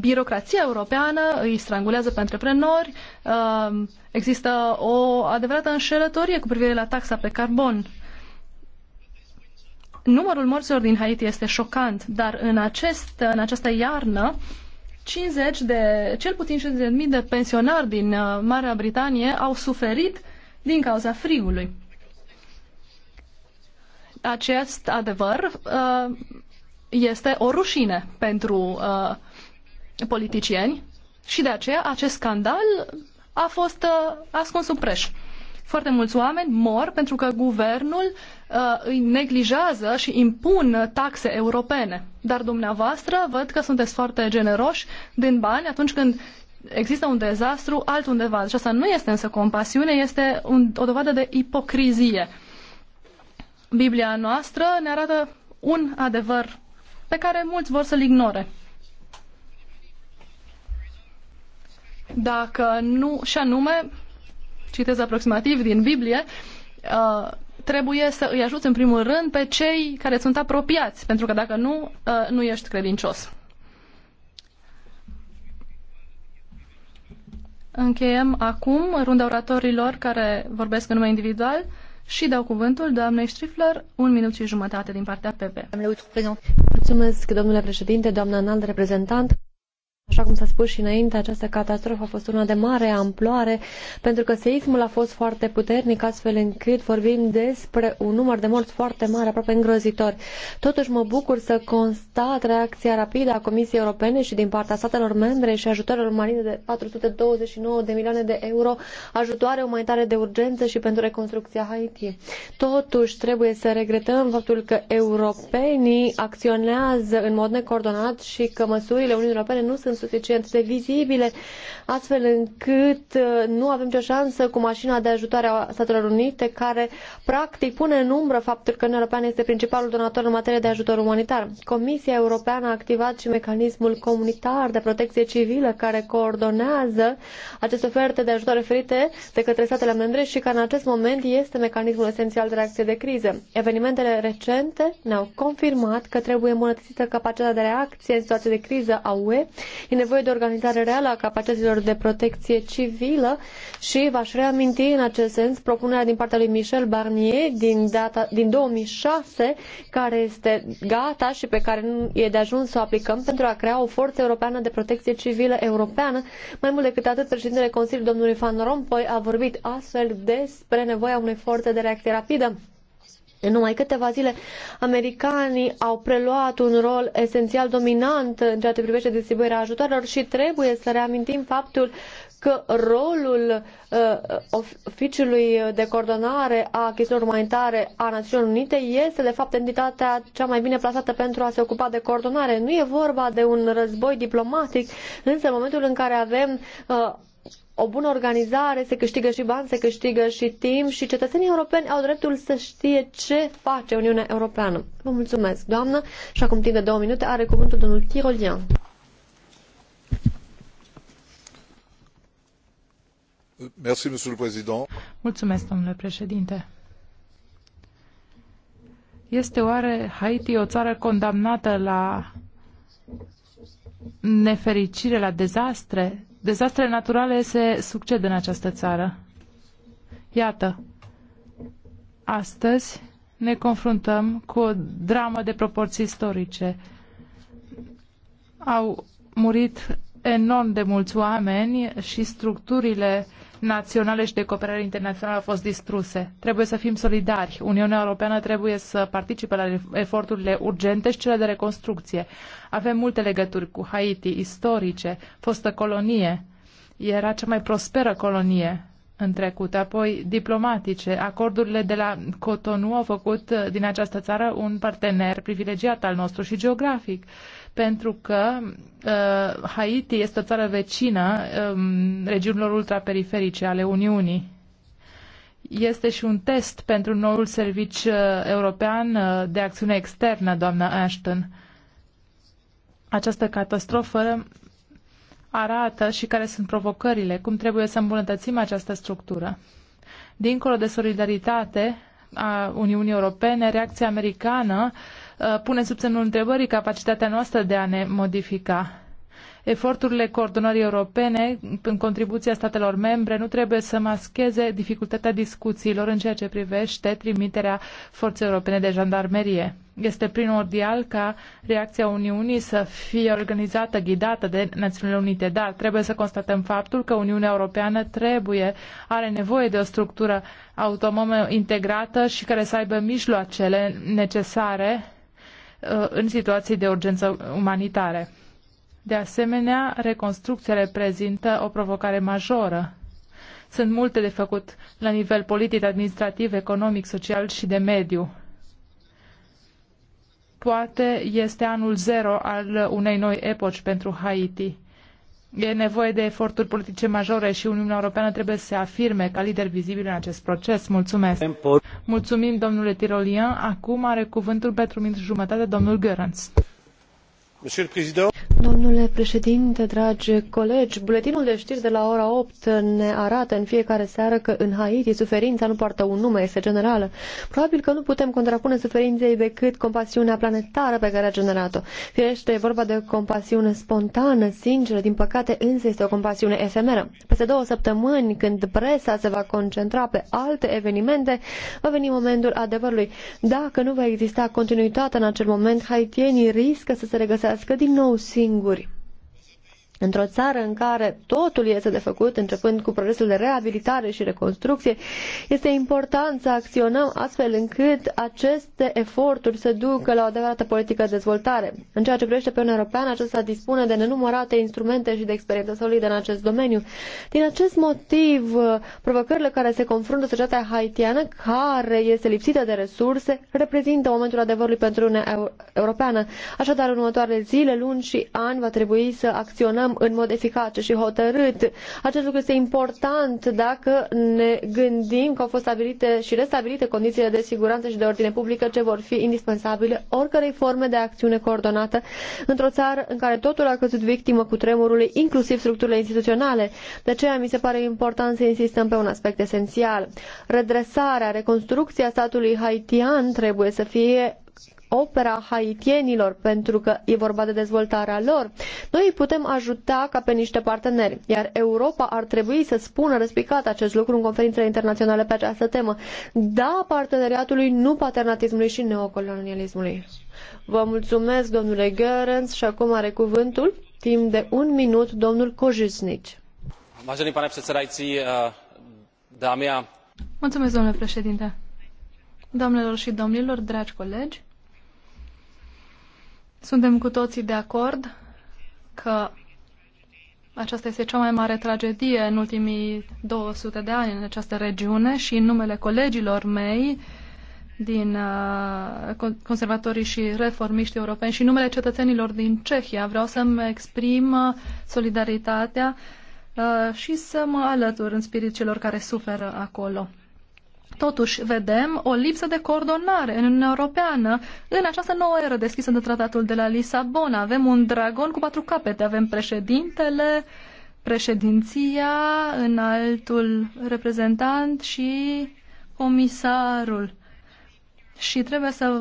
birocrația europeană îi strangulează pe antreprenori, ehm, există o adevărată înșelătorie cu privire la taxa pe carbon. Numărul morților din Haiti este șocant, dar în, acest, în această iarnă 50 de, cel puțin 50.000 de pensionari din uh, Marea Britanie au suferit din cauza frigului. Acest adevăr uh, este o rușine pentru uh, politicieni și de aceea acest scandal a fost uh, ascuns sub preș. Foarte mulți oameni mor pentru că guvernul uh, îi neglijează și impun taxe europene. Dar dumneavoastră văd că sunteți foarte generoși din bani atunci când există un dezastru altundeva. Și deci asta nu este însă compasiune, este un, o dovadă de ipocrizie. Biblia noastră ne arată un adevăr pe care mulți vor să-l ignore. dacă nu, și anume, citez aproximativ din Biblie, uh, trebuie să îi ajuți în primul rând pe cei care sunt apropiați, pentru că dacă nu, uh, nu ești credincios. Încheiem acum runda oratorilor care vorbesc în nume individual și dau cuvântul doamnei Strifler, un minut și jumătate din partea PP. Mulțumesc, domnule președinte, doamna înalt reprezentant. Așa cum s-a spus și înainte, această catastrofă a fost una de mare amploare, pentru că seismul a fost foarte puternic, astfel încât vorbim despre un număr de morți foarte mare, aproape îngrozitor. Totuși mă bucur să constat reacția rapidă a Comisiei Europene și din partea statelor membre și ajutorul umanitare de 429 de milioane de euro, ajutoare umanitare de urgență și pentru reconstrucția Haiti. Totuși trebuie să regretăm faptul că europenii acționează în mod necoordonat și că măsurile Uniunii Europene nu sunt sunt suficient de vizibile, astfel încât uh, nu avem nicio șansă cu mașina de ajutare a Statelor Unite, care practic pune în umbră faptul că Uniunea Europeană este principalul donator în materie de ajutor umanitar. Comisia Europeană a activat și mecanismul comunitar de protecție civilă care coordonează aceste oferte de ajutor referite de către statele membre și care în acest moment este mecanismul esențial de reacție de criză. Evenimentele recente ne-au confirmat că trebuie îmbunătățită capacitatea de reacție în situații de criză a UE, E nevoie de organizare reală a capacităților de protecție civilă și v-aș reaminti în acest sens propunerea din partea lui Michel Barnier din, data, din 2006 care este gata și pe care nu e de ajuns să o aplicăm pentru a crea o forță europeană de protecție civilă europeană. Mai mult decât atât, președintele Consiliului, domnului Van Rompuy, a vorbit astfel despre nevoia unei forțe de reacție rapidă în numai câteva zile, americanii au preluat un rol esențial dominant în ceea ce privește distribuirea ajutoarelor și trebuie să reamintim faptul că rolul uh, oficiului de coordonare a chestiunilor umanitare a Națiunilor Unite este de fapt entitatea cea mai bine plasată pentru a se ocupa de coordonare. Nu e vorba de un război diplomatic, însă în momentul în care avem uh, o bună organizare, se câștigă și bani, se câștigă și timp și cetățenii europeni au dreptul să știe ce face Uniunea Europeană. Vă mulțumesc, doamnă, și acum timp de două minute are cuvântul domnul Tirolian. Mulțumesc, domnule președinte. Este oare Haiti o țară condamnată la nefericire, la dezastre? dezastrele naturale se succed în această țară. Iată, astăzi ne confruntăm cu o dramă de proporții istorice. Au murit enorm de mulți oameni și structurile uh, naționale și de cooperare internațională au fost distruse. Trebuie să fim solidari. Uniunea Europeană trebuie să participe la eforturile urgente și cele de reconstrucție. Avem multe legături cu Haiti, istorice, fostă colonie. Era cea mai prosperă colonie în trecut, apoi diplomatice. Acordurile de la Cotonou au făcut din această țară un partener privilegiat al nostru și geografic. Uh, pentru că uh, Haiti este o țară vecină um, regiunilor ultraperiferice ale Uniunii. Este și un test pentru noul serviciu uh, european uh, de acțiune externă, doamna Ashton. Această catastrofă arată și care sunt provocările, cum trebuie să îmbunătățim această structură. Dincolo de solidaritate a Uniunii Europene, reacția americană uh, Uh, pune sub semnul întrebării capacitatea noastră de a ne modifica. Eforturile coordonării europene în contribuția statelor membre nu trebuie să mascheze dificultatea discuțiilor în ceea ce privește trimiterea forței europene de jandarmerie. Este primordial ca reacția Uniunii să fie organizată, ghidată de Națiunile Unite, dar trebuie să constatăm faptul că Uniunea Europeană trebuie, are nevoie de o structură autonomă integrată și care să aibă mijloacele necesare Uh, în situații de urgență umanitare. De asemenea, reconstrucția reprezintă o provocare majoră. Sunt multe de făcut la nivel politic, administrativ, economic, social și de mediu. Poate este anul zero al unei noi epoci pentru Haiti E nevoie de eforturi politice majore și Uniunea Europeană trebuie să se afirme ca lider vizibil în acest proces. Mulțumesc! Mulțumim, domnule Tirolian. Acum are cuvântul pentru minut jumătate domnul Görans. Domnule președinte, dragi colegi, buletinul de știri de la ora 8 ne arată în fiecare seară că în Haiti suferința nu poartă un nume, este generală. Probabil că nu putem contrapune suferinței decât compasiunea planetară pe care a generat-o. Firește, e vorba de o compasiune spontană, sinceră, din păcate însă este o compasiune efemeră. Peste două săptămâni, când presa se va concentra pe alte evenimente, va veni momentul adevărului. Dacă nu va exista continuitate în acel moment, haitienii riscă să se regăsească trăiască din nou singuri. Într-o țară în care totul este de făcut, începând cu procesul de reabilitare și reconstrucție, este important să acționăm astfel încât aceste eforturi să ducă la o adevărată politică de dezvoltare. În ceea ce privește pe Uniunea Europeană, acesta dispune de nenumărate instrumente și de experiență solidă în acest domeniu. Din acest motiv, provocările care se confruntă societatea haitiană, care este lipsită de resurse, reprezintă momentul adevărului pentru Uniunea Europeană. Așadar, în următoarele zile, luni și ani va trebui să acționăm acționăm în mod eficace și hotărât. Acest lucru este important dacă ne gândim că au fost stabilite și restabilite condițiile de siguranță și de ordine publică ce vor fi indispensabile oricărei forme de acțiune coordonată într-o țară în care totul a căzut victimă cu tremurului, inclusiv structurile instituționale. De aceea mi se pare important să insistăm pe un aspect esențial. Redresarea, reconstrucția statului haitian trebuie să fie opera haitienilor, pentru că e vorba de dezvoltarea lor. Noi îi putem ajuta ca pe niște parteneri, iar Europa ar trebui să spună răspicat acest lucru în conferințele internaționale pe această temă. Da parteneriatului, nu paternatismului și neocolonialismului. Vă mulțumesc, domnule Görens, și acum are cuvântul, timp de un minut, domnul Kojusnici. Eh, mulțumesc, domnule președinte. Doamnelor și domnilor, dragi colegi, suntem cu toții de acord că aceasta este cea mai mare tragedie în ultimii 200 de ani în această regiune și în numele colegilor mei din uh, conservatorii și reformiști europeni și în numele cetățenilor din Cehia vreau să-mi exprim uh, solidaritatea uh, și să mă alătur în spirit celor care suferă acolo. Totuși, vedem o lipsă de coordonare în Uniunea Europeană. În această nouă eră deschisă de tratatul de la Lisabona, avem un dragon cu patru capete. Avem președintele, președinția, înaltul reprezentant și comisarul. Și trebuie să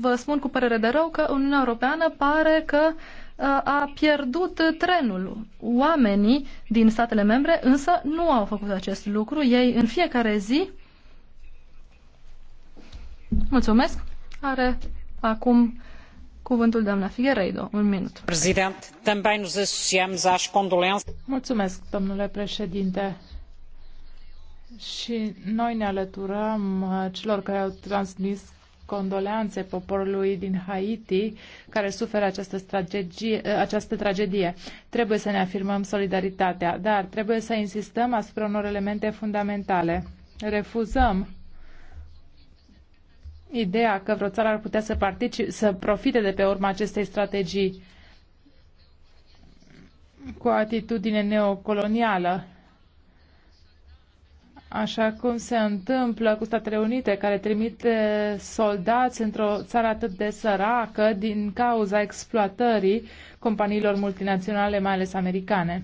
vă spun cu părere de rău că Uniunea Europeană pare că uh, a pierdut trenul. Oamenii din statele membre însă nu au făcut acest lucru. Ei în fiecare zi Mulțumesc. Are acum cuvântul doamna Figueiredo. Un minut. Președinte, também nos associamos às condolências. Mulțumesc, domnule președinte. Și noi ne alăturăm uh, celor care au transmis condoleanțe poporului din Haiti care suferă această, strategie, uh, această tragedie. Trebuie să ne afirmăm solidaritatea, dar trebuie să insistăm asupra unor elemente fundamentale. Refuzăm ideea că vreo țară ar putea să, partici, să profite de pe urma acestei strategii cu o atitudine neocolonială, așa cum se întâmplă cu Statele Unite, care trimite eh, soldați într-o țară atât de săracă din cauza exploatării companiilor multinaționale, mai ales americane.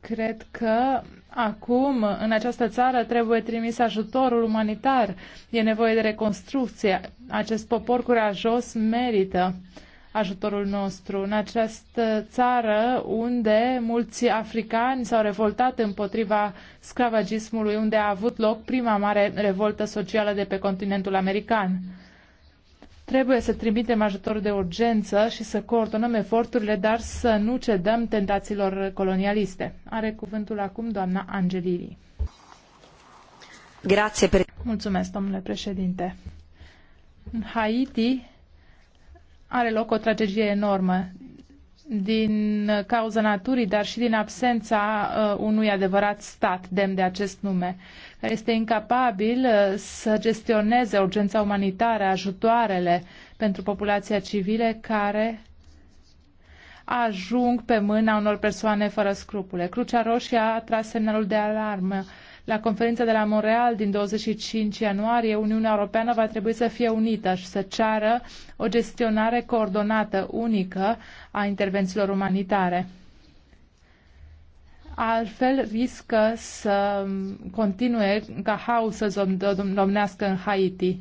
Cred că Acum, în această țară, trebuie trimis ajutorul umanitar. E nevoie de reconstrucție. Acest popor curajos merită ajutorul nostru. În această țară unde mulți africani s-au revoltat împotriva sclavagismului, unde a avut loc prima mare revoltă socială de pe continentul american. Trebuie să trimitem ajutor de urgență și să coordonăm eforturile, dar să nu cedăm tentațiilor colonialiste. Are cuvântul acum doamna Angelili. Grație, pre- Mulțumesc, domnule președinte. În Haiti are loc o tragedie enormă din cauza naturii, dar și din absența uh, unui adevărat stat demn de acest nume este incapabil uh, să gestioneze urgența umanitară, ajutoarele pentru populația civile care ajung pe mâna unor persoane fără scrupule. Crucea Roșie a tras semnalul de alarmă. La conferința de la Montreal din 25 ianuarie, Uniunea Europeană va trebui să fie unită și să ceară o gestionare coordonată, unică, a intervențiilor umanitare altfel riscă să continue ca haosul să domnească în Haiti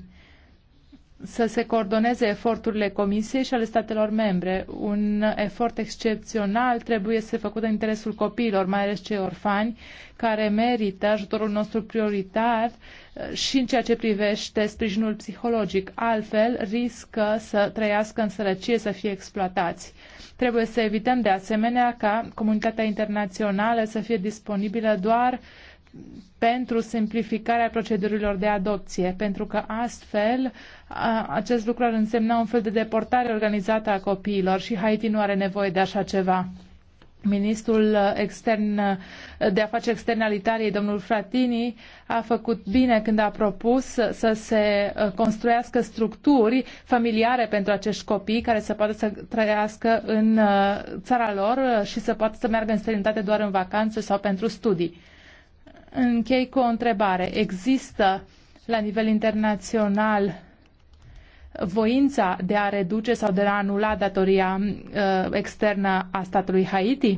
să se coordoneze eforturile Comisiei și ale statelor membre. Un efort excepțional trebuie să se făcut în interesul copiilor, mai ales cei orfani, care merită ajutorul nostru prioritar uh, și în ceea ce privește sprijinul psihologic. Altfel, riscă să trăiască în sărăcie, să fie exploatați. Trebuie să evităm de asemenea ca comunitatea internațională să fie disponibilă doar pentru simplificarea procedurilor de adopție, pentru că astfel acest lucru ar însemna un fel de deportare organizată a copiilor și Haiti nu are nevoie de așa ceva. Ministrul extern de afaceri externe al Italiei, domnul Fratini, a făcut bine când a propus să se construiască structuri familiare pentru acești copii care să poată să trăiască în uh, țara lor și să poată să meargă în străinătate doar în vacanță sau pentru studii închei cu o întrebare. Există la nivel internațional voința de a reduce sau de a anula datoria uh, externă a statului Haiti?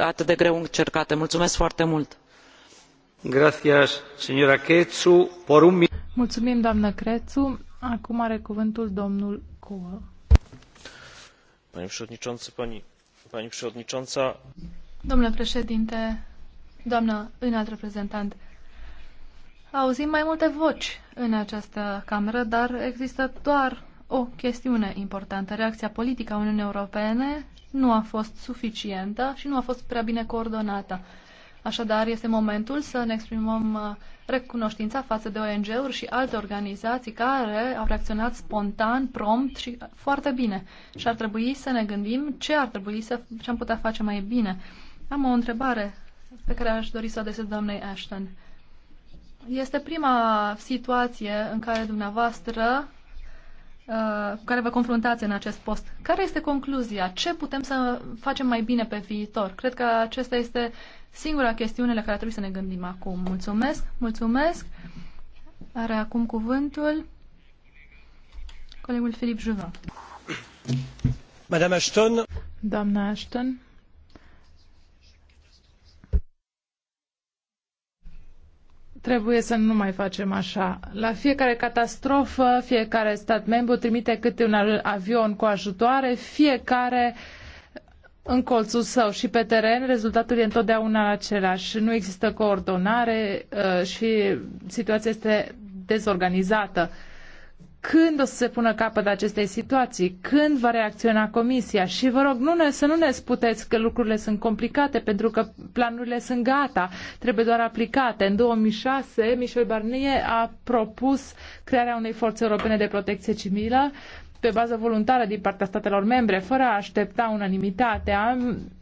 atât de greu încercate. mulțumesc foarte mult! Mulțumim, Crețu. Acum cuvântul Domnule președinte, doamnă înalt reprezentant, auzim mai multe voci în această cameră, dar există doar o chestiune importantă, reacția politică a Uniunii Europene nu a fost suficientă și nu a fost prea bine coordonată. Așadar, este momentul să ne exprimăm uh, recunoștința față de ONG-uri și alte organizații care au reacționat spontan, prompt și foarte bine. Și ar trebui să ne gândim ce ar trebui să ce am putea face mai bine. Am o întrebare pe care aș dori să o adresez doamnei Ashton. Este prima situație în care dumneavoastră Uh, cu care vă confruntați în acest post. Care este concluzia? Ce putem să facem mai bine pe viitor? Cred că acesta este singura chestiune la care trebuie să ne gândim acum. Mulțumesc, mulțumesc. Are acum cuvântul colegul Filip Juvan. Madame Ashton. Doamna Ashton, trebuie să nu mai facem așa. La fiecare catastrofă, fiecare stat membru trimite câte un avion cu ajutoare, fiecare în colțul său și pe teren rezultatul e întotdeauna același. Nu există coordonare uh, și situația este dezorganizată când o să se pună capăt acestei situații, când va reacționa Comisia și vă rog nu ne, să nu ne sputeți că lucrurile sunt complicate pentru că planurile sunt gata, trebuie doar aplicate. În 2006, Michel Barnier a propus crearea unei forțe europene de protecție civilă pe bază voluntară din partea statelor membre, fără a aștepta unanimitatea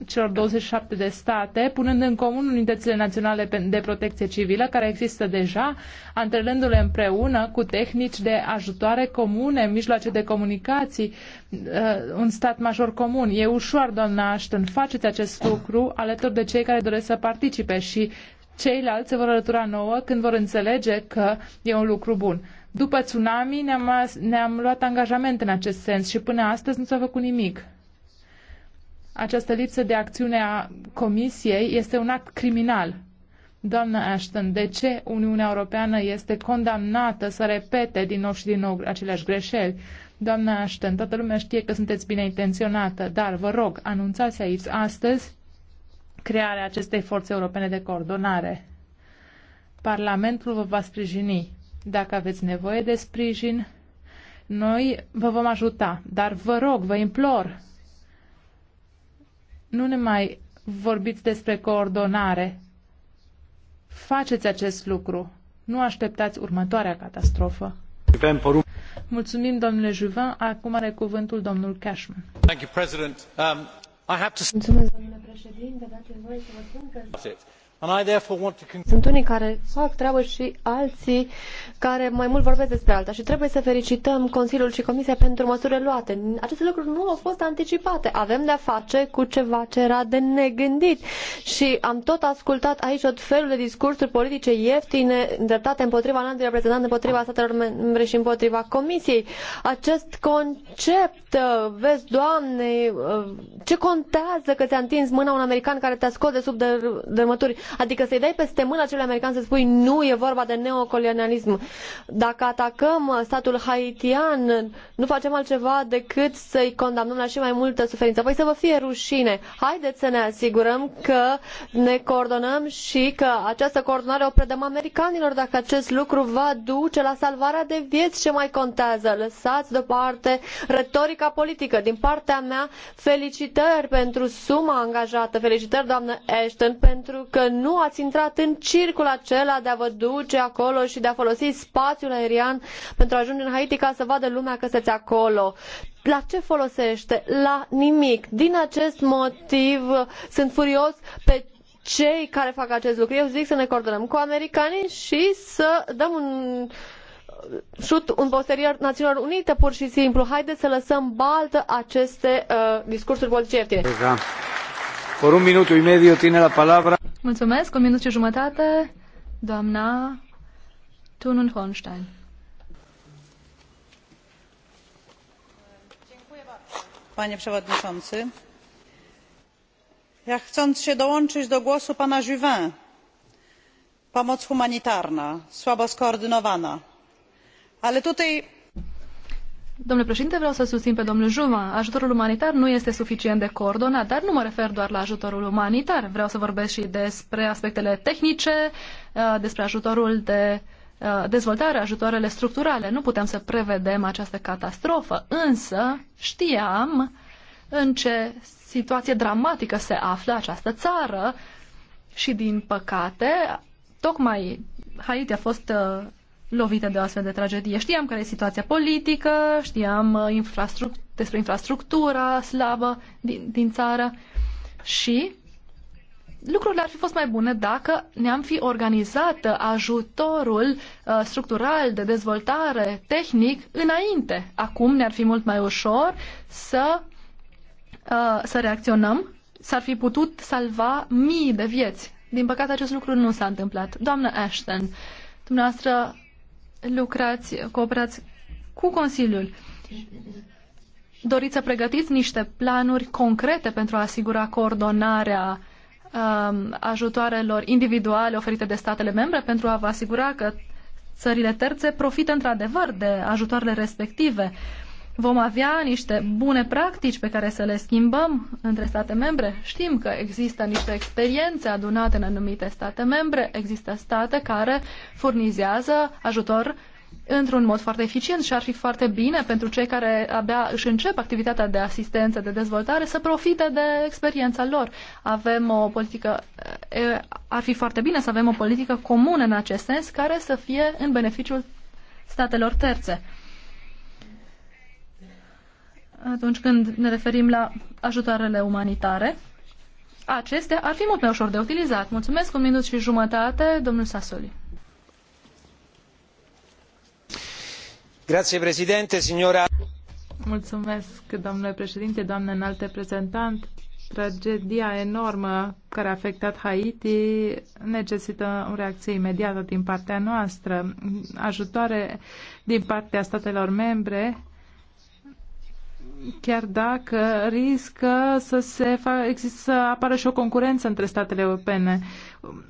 celor 27 de state, punând în comun unitățile naționale de protecție civilă care există deja, antrenându-le împreună cu tehnici de ajutoare comune, mijloace de comunicații, uh, un stat major comun. E ușor, doamna Ashton, faceți acest lucru alături de cei care doresc să participe și ceilalți se vor alătura nouă când vor înțelege că e un lucru bun. După tsunami ne-am, ne-am luat angajament în acest sens și până astăzi nu s-a făcut nimic. Această lipsă de acțiune a Comisiei este un act criminal. Doamnă Ashton, de ce Uniunea Europeană este condamnată să repete din nou și din nou aceleași greșeli? Doamna Ashton, toată lumea știe că sunteți bine intenționată, dar vă rog, anunțați aici astăzi crearea acestei forțe europene de coordonare. Parlamentul vă va sprijini. Dacă aveți nevoie de sprijin, noi vă vom ajuta, dar vă rog, vă implor, nu ne mai vorbiți despre coordonare. Faceți acest lucru. Nu așteptați următoarea catastrofă. Mulțumim, domnule Juvin. Acum are cuvântul domnul Cashman. Um, Mulțumesc, domnule președinte. Dați-mi voie să vă spun că... Sunt unii care fac treabă și alții care mai mult vorbesc despre alta și trebuie să felicităm Consiliul și Comisia pentru măsurile luate. Aceste lucruri nu au fost anticipate. Avem de-a face cu ceva ce era de negândit și am tot ascultat aici tot felul de discursuri politice ieftine îndreptate împotriva înaltului reprezentant, împotriva statelor membre și împotriva Comisiei. Acest concept, uh, vezi, Doamne, uh, ce contează că ți-a întins mâna un american care te-a scos de sub dărâmături? Adică să-i dai peste mână acelui american să spui nu, e vorba de neocolonialism. Dacă atacăm statul haitian, nu facem altceva decât să-i condamnăm la și mai multă suferință. Păi să vă fie rușine. Haideți să ne asigurăm că ne coordonăm și că această coordonare o predăm americanilor dacă acest lucru va duce la salvarea de vieți ce mai contează. Lăsați deoparte retorica politică. Din partea mea, felicitări pentru suma angajată. Felicitări, doamnă Ashton, pentru că nu ați intrat în circul acela de a vă duce acolo și de a folosi spațiul aerian pentru a ajunge în Haiti ca să vadă lumea că sunteți acolo. La ce folosește? La nimic. Din acest motiv uh, sunt furios pe cei care fac acest lucru. Eu zic să ne coordonăm cu americanii și să dăm un uh, șut un posterior Națiunilor Unite, pur și simplu. Haideți să lăsăm baltă aceste uh, discursuri politice ieftine. Un minut și medio tine la palabra. Mulțumesc. Un minut și jumătate, doamna Tunun Hornstein. Panie przewodniczący, ja chcąc się dołączyć do głosu pana Juvin, pomoc humanitarna, słabo skoordynowana. Ale tutaj Domnule președinte, vreau să susțin pe domnul Juma, Ajutorul umanitar nu este suficient de coordonat, dar nu mă refer doar la ajutorul umanitar. Vreau să vorbesc și despre aspectele tehnice, uh, despre ajutorul de uh, dezvoltare, ajutoarele structurale. Nu putem să prevedem această catastrofă, însă știam în ce situație dramatică se află această țară și, din păcate, tocmai Haiti a fost uh, lovită de o astfel de tragedie. Știam care e situația politică, știam uh, infrastruc- despre infrastructura slabă din, din țară și lucrurile ar fi fost mai bune dacă ne-am fi organizat ajutorul uh, structural de dezvoltare tehnic înainte. Acum ne-ar fi mult mai ușor să, uh, să reacționăm. S-ar fi putut salva mii de vieți. Din păcate, acest lucru nu s-a întâmplat. Doamnă Ashton, dumneavoastră lucrați, cooperați cu Consiliul. Doriți să pregătiți niște planuri concrete pentru a asigura coordonarea um, ajutoarelor individuale oferite de statele membre pentru a vă asigura că țările terțe profită într-adevăr de ajutoarele respective. Uh, Vom avea niște bune practici pe care să le schimbăm între state membre? Știm că există niște experiențe adunate în anumite state membre, există state care furnizează ajutor într-un mod foarte eficient și ar fi foarte bine pentru cei care abia își încep activitatea de asistență, de dezvoltare, să profite de experiența lor. Avem o politică, ar fi foarte bine să avem o politică comună în acest sens care să fie în beneficiul statelor terțe atunci când ne referim la ajutoarele umanitare. Acestea ar fi mult mai ușor de utilizat. Mulțumesc, un minut și jumătate, domnul Sasoli. Grazie, președinte, signora... Mulțumesc, domnule președinte, doamne înalt reprezentant. Tragedia enormă care a afectat Haiti necesită o reacție imediată din partea noastră, ajutoare din partea statelor membre chiar dacă riscă să, se fa- există, să apară și o concurență între statele europene.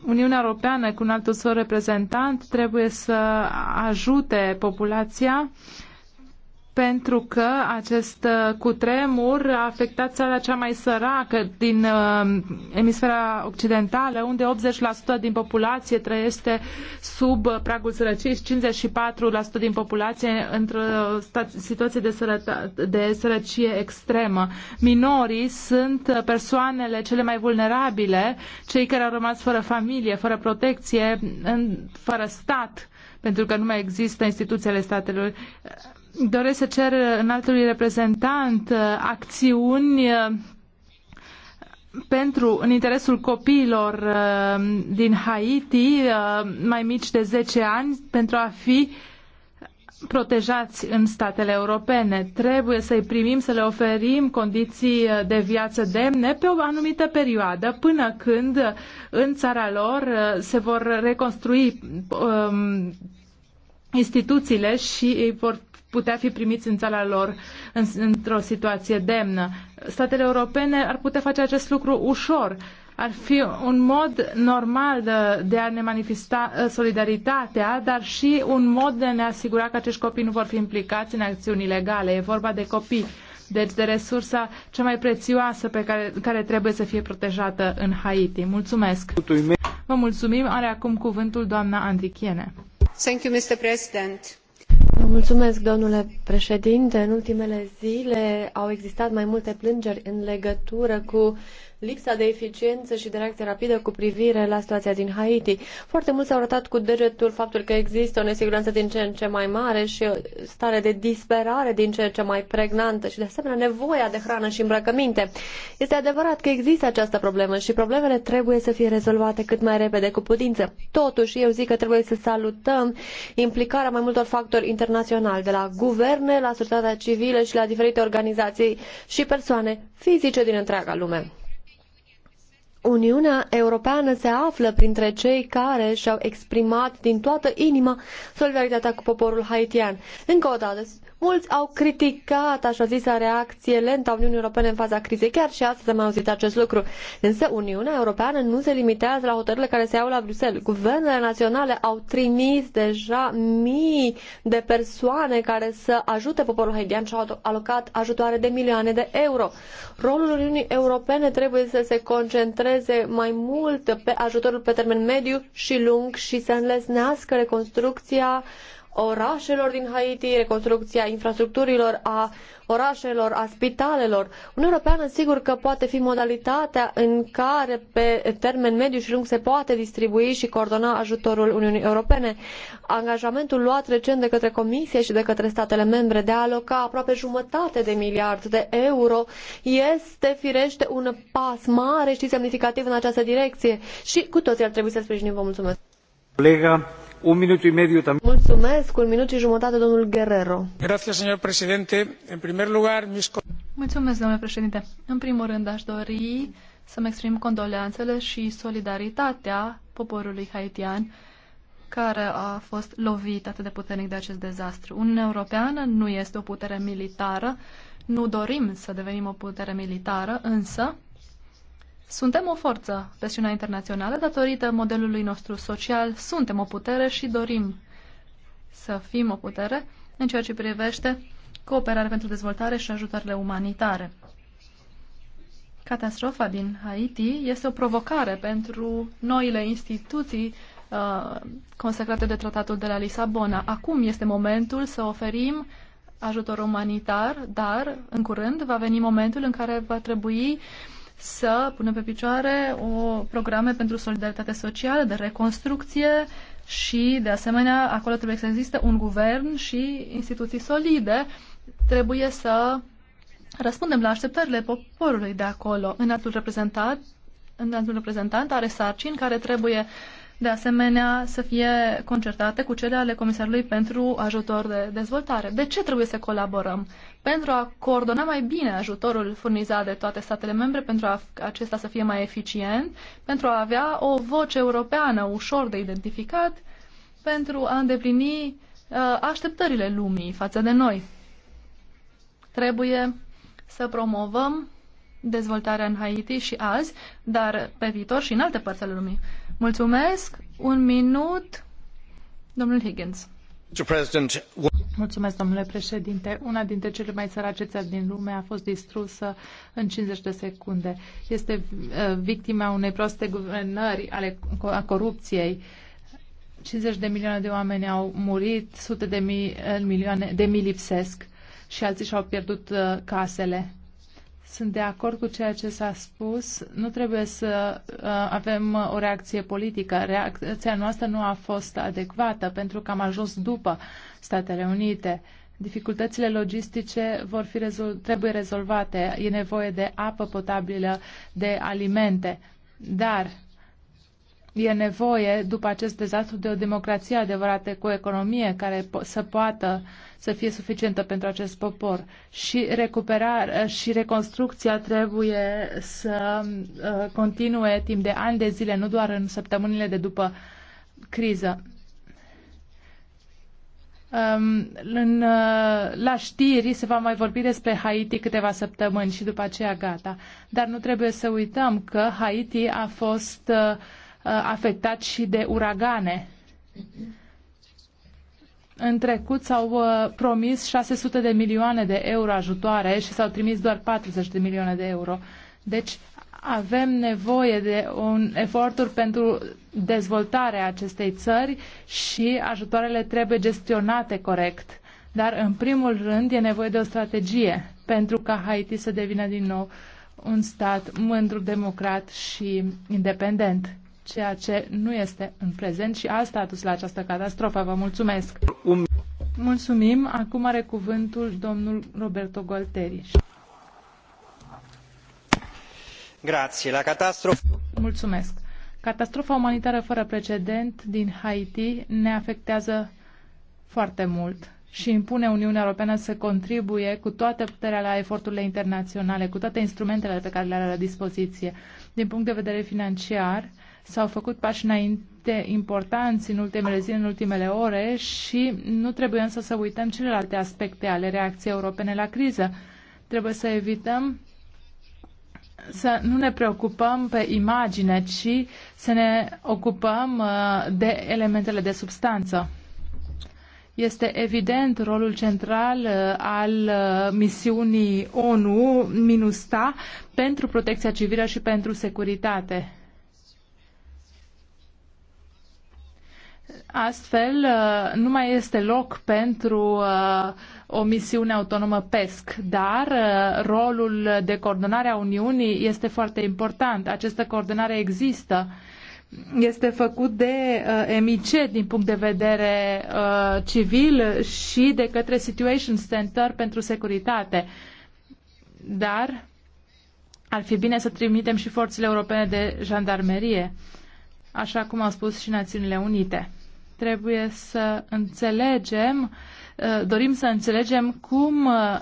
Uniunea Europeană, cu un altul său reprezentant, trebuie să ajute populația uh, pentru că acest uh, cutremur a afectat țara cea mai săracă din uh, emisfera occidentală, unde 80% din populație trăiește sub uh, pragul sărăciei și 54% din populație într-o situație de, sărăta- de sărăcie extremă. Minorii sunt uh, persoanele cele mai vulnerabile, cei care au rămas fără familie, fără protecție, în, fără stat, pentru că nu mai există instituții ale statelor. Uh, doresc să cer înaltului reprezentant uh, acțiuni uh, pentru, în interesul copiilor uh, din Haiti, mai mici de 10 ani, pentru a fi protejați în statele europene. Trebuie să-i primim, să le oferim condiții de viață demne pe o anumită perioadă, până când în țara lor se vor reconstrui um, instituțiile și îi vor putea fi primiți în țara lor în, într-o situație demnă. Statele europene ar putea face acest lucru ușor. Ar fi un mod normal de, de a ne manifesta uh, solidaritatea, dar și un mod de a ne asigura că acești copii nu vor fi implicați în acțiuni ilegale. E vorba de copii, deci de resursa cea mai prețioasă pe care, care trebuie să fie protejată în Haiti. Mulțumesc! Vă mulțumim. Are acum cuvântul doamna Andrichiene. Thank you, Mr. President. Mulțumesc, domnule președinte. În ultimele zile au existat mai multe plângeri în legătură cu lipsa de eficiență și de reacție rapidă cu privire la situația din Haiti. Foarte mulți au arătat cu degetul faptul că există o nesiguranță din ce în ce mai mare și o stare de disperare din ce în ce mai pregnantă și de asemenea nevoia de hrană și îmbrăcăminte. Este adevărat că există această problemă și problemele trebuie să fie rezolvate cât mai repede cu putință. Totuși, eu zic că trebuie să salutăm implicarea mai multor factori internaționali, de la guverne, la societatea civilă și la diferite organizații și persoane fizice din întreaga lume. Uniunea Europeană se află printre cei care și-au exprimat din toată inima solidaritatea cu poporul haitian. Încă o dată, Mulți au criticat așa zisa reacție lentă a Uniunii Europene în faza crizei, chiar și astăzi am auzit acest lucru. Însă Uniunea Europeană nu se limitează la hotărârile care se iau la Bruxelles. Guvernele naționale au trimis deja mii de persoane care să ajute poporul haitian și au alocat ajutoare de milioane de euro. Rolul Uniunii Europene trebuie să se concentreze mai mult pe ajutorul pe termen mediu și lung și să înlesnească reconstrucția orașelor din Haiti, reconstrucția infrastructurilor, a orașelor, a spitalelor. Uniunea Europeană sigur că poate fi modalitatea în care pe termen mediu și lung se poate distribui și coordona ajutorul Uniunii Europene. Angajamentul luat recent de către Comisie și de către statele membre de a aloca aproape jumătate de miliard de euro este firește un pas mare și semnificativ în această direcție și cu toții ar trebui să sprijinim. Vă mulțumesc! Colega un minut un minut și jumătate, domnul Guerrero. señor Mulțumesc, domnule președinte. În primul rând, aș dori să-mi exprim condoleanțele și solidaritatea poporului haitian care a fost lovit atât de puternic de acest dezastru. Uniunea Europeană nu este o putere militară, nu dorim să devenim o putere militară, însă suntem o forță pe scena internațională datorită modelului nostru social, suntem o putere și dorim să fim o putere în ceea ce privește cooperarea pentru dezvoltare și ajutoarele umanitare. Catastrofa din Haiti este o provocare pentru noile instituții uh, consacrate de tratatul de la Lisabona. Acum este momentul să oferim ajutor umanitar, dar în curând va veni momentul în care va trebui uh, să punem pe picioare o programe pentru solidaritate socială, de reconstrucție și, de asemenea, acolo trebuie să existe un guvern și instituții solide. Trebuie să răspundem la așteptările poporului de acolo. În altul reprezentat, altul reprezentant are sarcini care trebuie uh, de asemenea să fie concertate cu cele ale Comisarului pentru ajutor de dezvoltare. De ce trebuie să colaborăm? Pentru a coordona mai bine ajutorul furnizat de toate statele membre, pentru a acesta să fie mai eficient, pentru a avea o voce europeană ușor de identificat, pentru a îndeplini uh, așteptările lumii față de noi. Trebuie să promovăm dezvoltarea în Haiti și azi, dar pe viitor și în alte părți ale lumii. Mulțumesc. Un minut. Domnul Higgins. Mulțumesc, domnule președinte. Una dintre cele mai sărace țări din lume a fost distrusă în 50 de secunde. Este uh, victima unei proaste guvernări ale, a corupției. 50 de milioane de oameni au murit, sute de mii, uh, milioane de mii lipsesc și alții și-au pierdut uh, casele. Sunt de acord cu ceea ce s-a spus. Nu trebuie să uh, avem uh, o reacție politică. Reacția noastră nu a fost adecvată pentru că am ajuns după Statele Unite. Dificultățile logistice vor fi rezol- trebuie rezolvate. E nevoie de apă potabilă, de alimente. Dar E nevoie, după acest dezastru, de o democrație adevărată cu o economie care să poată să fie suficientă pentru acest popor. Și recuperarea uh, și reconstrucția trebuie să uh, continue timp de ani de zile, nu doar în săptămânile de după criză. Um, în, uh, la știri se va mai vorbi despre Haiti câteva săptămâni și după aceea gata. Dar nu trebuie să uităm că Haiti a fost uh, Uh, afectat și de uragane. În trecut s-au uh, promis 600 de milioane de euro ajutoare și s-au trimis doar 40 de milioane de euro. Deci avem nevoie de un eforturi pentru dezvoltarea acestei țări și ajutoarele trebuie gestionate corect. Dar, în primul rând, e nevoie de o strategie pentru ca Haiti să devină din nou un stat mândru, democrat și independent ceea ce nu este în prezent și asta a dus la această catastrofă. Vă mulțumesc! Um. Mulțumim! Acum are cuvântul domnul Roberto Golteriș. Grație! la catastrofă... Mulțumesc! Catastrofa umanitară fără precedent din Haiti ne afectează foarte mult și impune Uniunea Europeană să contribuie cu toată puterea la eforturile internaționale, cu toate instrumentele pe care le are la dispoziție. Din punct de vedere financiar, S-au făcut pași înainte importanți în ultimele zile, în ultimele ore și nu trebuie însă să uităm celelalte aspecte ale reacției europene la criză. Trebuie să evităm să nu ne preocupăm pe imagine, ci să ne ocupăm uh, de elementele de substanță. Este evident rolul central uh, al uh, misiunii ONU, MINUSTA, pentru protecția civilă și pentru securitate. Astfel, uh, nu mai este loc pentru uh, o misiune autonomă PESC, dar uh, rolul de coordonare a Uniunii este foarte important. Această coordonare există. Este făcut de MIC din punct de vedere civil și de către Situation Center pentru securitate. Dar ar fi bine să trimitem și forțele europene de jandarmerie, așa cum au spus și Națiunile Unite. Trebuie să înțelegem, uh, dorim să înțelegem cum uh,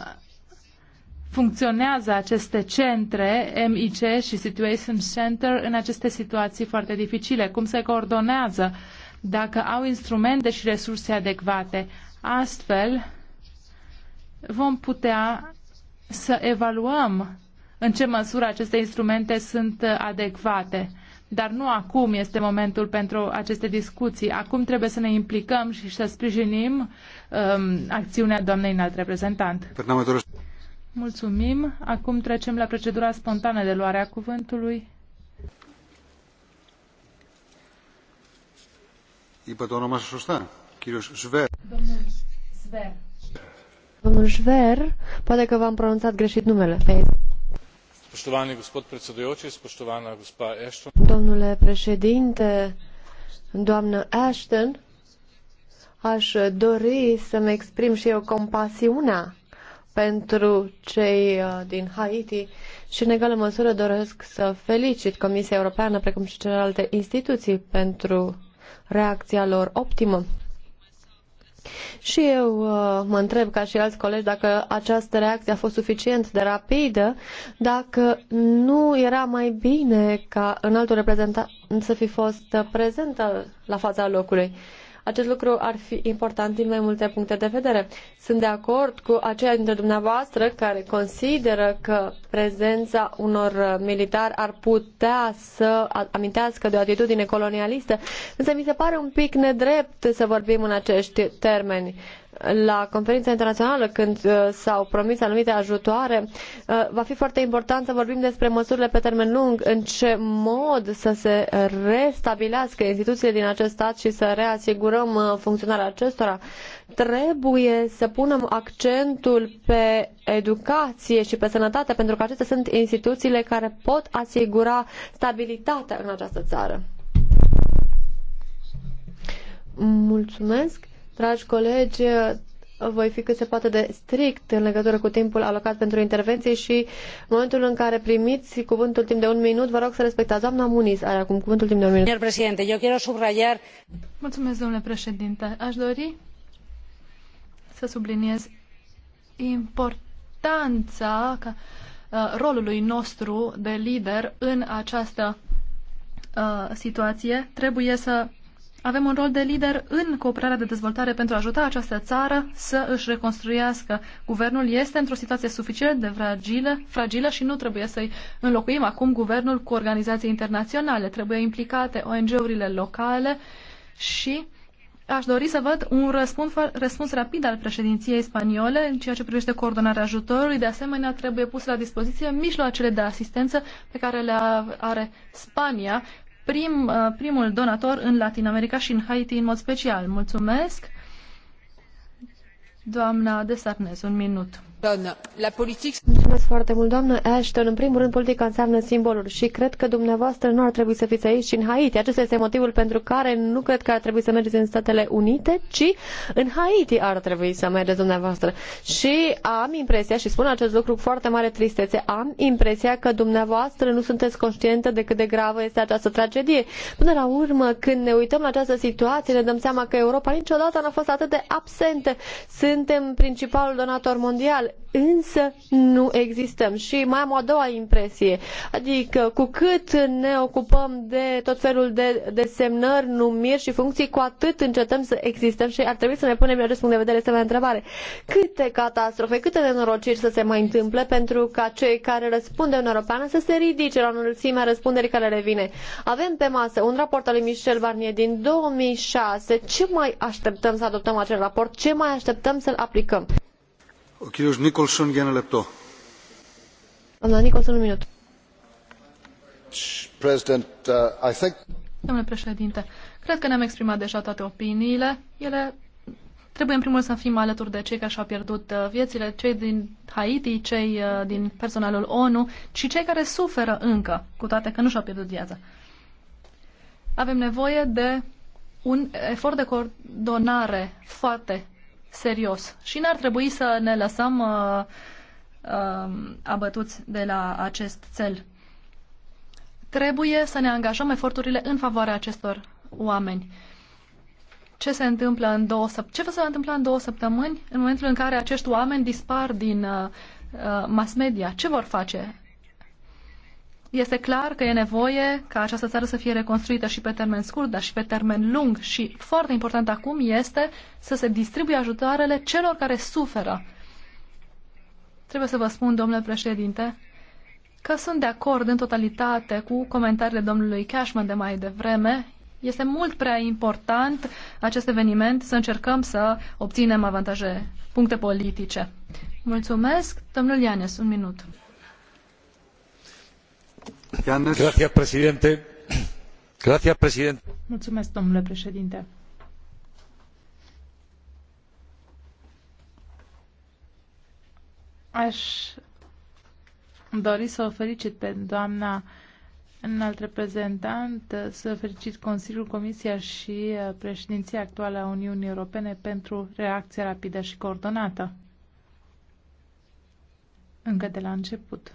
funcționează aceste centre, MIC și Situation Center, în aceste situații foarte dificile, cum se coordonează, dacă au instrumente și resurse adecvate. Astfel, vom putea să evaluăm în ce măsură aceste instrumente sunt adecvate. Dar nu acum este momentul pentru aceste discuții. Acum trebuie să ne implicăm și să sprijinim um, acțiunea doamnei înalt reprezentant. Mulțumim. Acum trecem la procedura spontană de luare a cuvântului. Είπε το όνομα σας σωστά, κύριος Σβέρ. Σβέρ. Domnul Jver, poate că v-am pronunțat greșit numele. Spoštovani gospod predsedujoči, spoštovana gospa Ashton domnule președinte, doamnă Ashton, aș dori să-mi exprim și eu compasiunea pentru cei uh, din Haiti și în egală măsură doresc să felicit Comisia Europeană precum și celelalte instituții pentru reacția lor optimă. Și eu uh, mă întreb, ca și alți colegi, dacă această reacție a fost suficient de rapidă, dacă nu era mai bine ca în altul reprezentant să fi fost prezentă la fața locului. Acest lucru ar fi important din mai multe puncte de vedere. Sunt de acord cu aceia dintre dumneavoastră care consideră că prezența unor militari ar putea să amintească de o atitudine colonialistă, însă mi se pare un pic nedrept să vorbim în acești termeni la conferința internațională când uh, s-au promis anumite ajutoare, uh, va fi foarte important să vorbim despre măsurile pe termen lung, în ce mod să se restabilească instituțiile din acest stat și să reasigurăm uh, funcționarea acestora. Trebuie să punem accentul pe educație și pe sănătate, pentru că acestea sunt instituțiile care pot asigura stabilitatea în această țară. Mulțumesc. Dragi colegi, voi fi cât se poate de strict în legătură cu timpul alocat pentru intervenții și în momentul în care primiți cuvântul timp de un minut, vă rog să respectați. Doamna Muniz are acum cuvântul timp de un minut. președinte, eu quiero subrayar... Mulțumesc, domnule președinte. Aș dori să subliniez importanța ca, uh, rolului nostru de lider în această uh, situație. Trebuie să avem un rol de lider în cooperarea de dezvoltare pentru a ajuta această țară să își reconstruiască. Guvernul este într-o situație suficient de fragilă, fragilă și nu trebuie să-i înlocuim acum guvernul cu organizații internaționale. Trebuie implicate ONG-urile locale și aș dori să văd un răspuns, răspuns rapid al președinției spaniole în ceea ce privește coordonarea ajutorului. De asemenea, trebuie pus la dispoziție mijloacele de asistență pe care le are Spania prim, uh, primul donator în Latin America și în Haiti în mod special. Mulțumesc! Doamna Desarnez, un minut. Mulțumesc foarte mult, doamnă Ashton. În primul rând, politica înseamnă simboluri și cred că dumneavoastră nu ar trebui să fiți aici în Haiti. Acesta este motivul pentru care nu cred că ar trebui să mergeți în Statele Unite, ci în Haiti ar trebui să mergeți dumneavoastră. Și am impresia, și spun acest lucru cu foarte mare tristețe, am impresia că dumneavoastră nu sunteți conștientă de cât de gravă este această tragedie. Până la urmă, când ne uităm la această situație, ne dăm seama că Europa niciodată n-a fost atât de absentă. Suntem principalul donator mondial însă nu existăm. Și mai am o a doua impresie, adică cu cât ne ocupăm de tot felul de desemnări, numiri și funcții, cu atât încetăm să existăm și ar trebui să ne punem din acest punct de vedere la întrebare. Câte catastrofe, câte nenorociri să se mai întâmple pentru ca cei care răspunde în europeană să se ridice la înălțimea răspunderii care le vine. Avem pe masă un raport al lui Michel Barnier din 2006. Ce mai așteptăm să adoptăm acel raport? Ce mai așteptăm să-l aplicăm? Nicholson, uh, Domnule președinte, cred că ne-am exprimat deja toate opiniile. Ele trebuie în primul rând să fim alături de cei care și-au pierdut uh, viețile, cei din Haiti, cei uh, din personalul ONU și cei care suferă încă, cu toate că nu și-au pierdut viața. Avem nevoie de un efort de coordonare foarte serios și n-ar trebui să ne lăsăm uh, uh, abătuți de la acest cel. Trebuie să ne angajăm eforturile în favoarea acestor oameni. Ce se întâmplă în două săptămâni? Ce se întâmpla în două săptămâni în momentul în care acești oameni dispar din uh, uh mass media? Ce vor face? Este clar că e nevoie ca această țară să fie reconstruită și pe termen scurt, dar și pe termen lung și foarte important acum este să se distribuie ajutoarele celor care suferă. Trebuie să vă spun, domnule președinte, că sunt de acord în totalitate cu comentariile domnului Cashman de mai devreme. Este mult prea important acest eveniment să încercăm să obținem avantaje, puncte politice. Mulțumesc. Domnul Ianes, un minut. Mulțumesc, domnule președinte. Aș dori să o felicit pe doamna înalt reprezentant, să felicit Consiliul, Comisia și uh, președinția actuală a Uniunii Europene pentru reacția rapidă și coordonată. Încă de la început.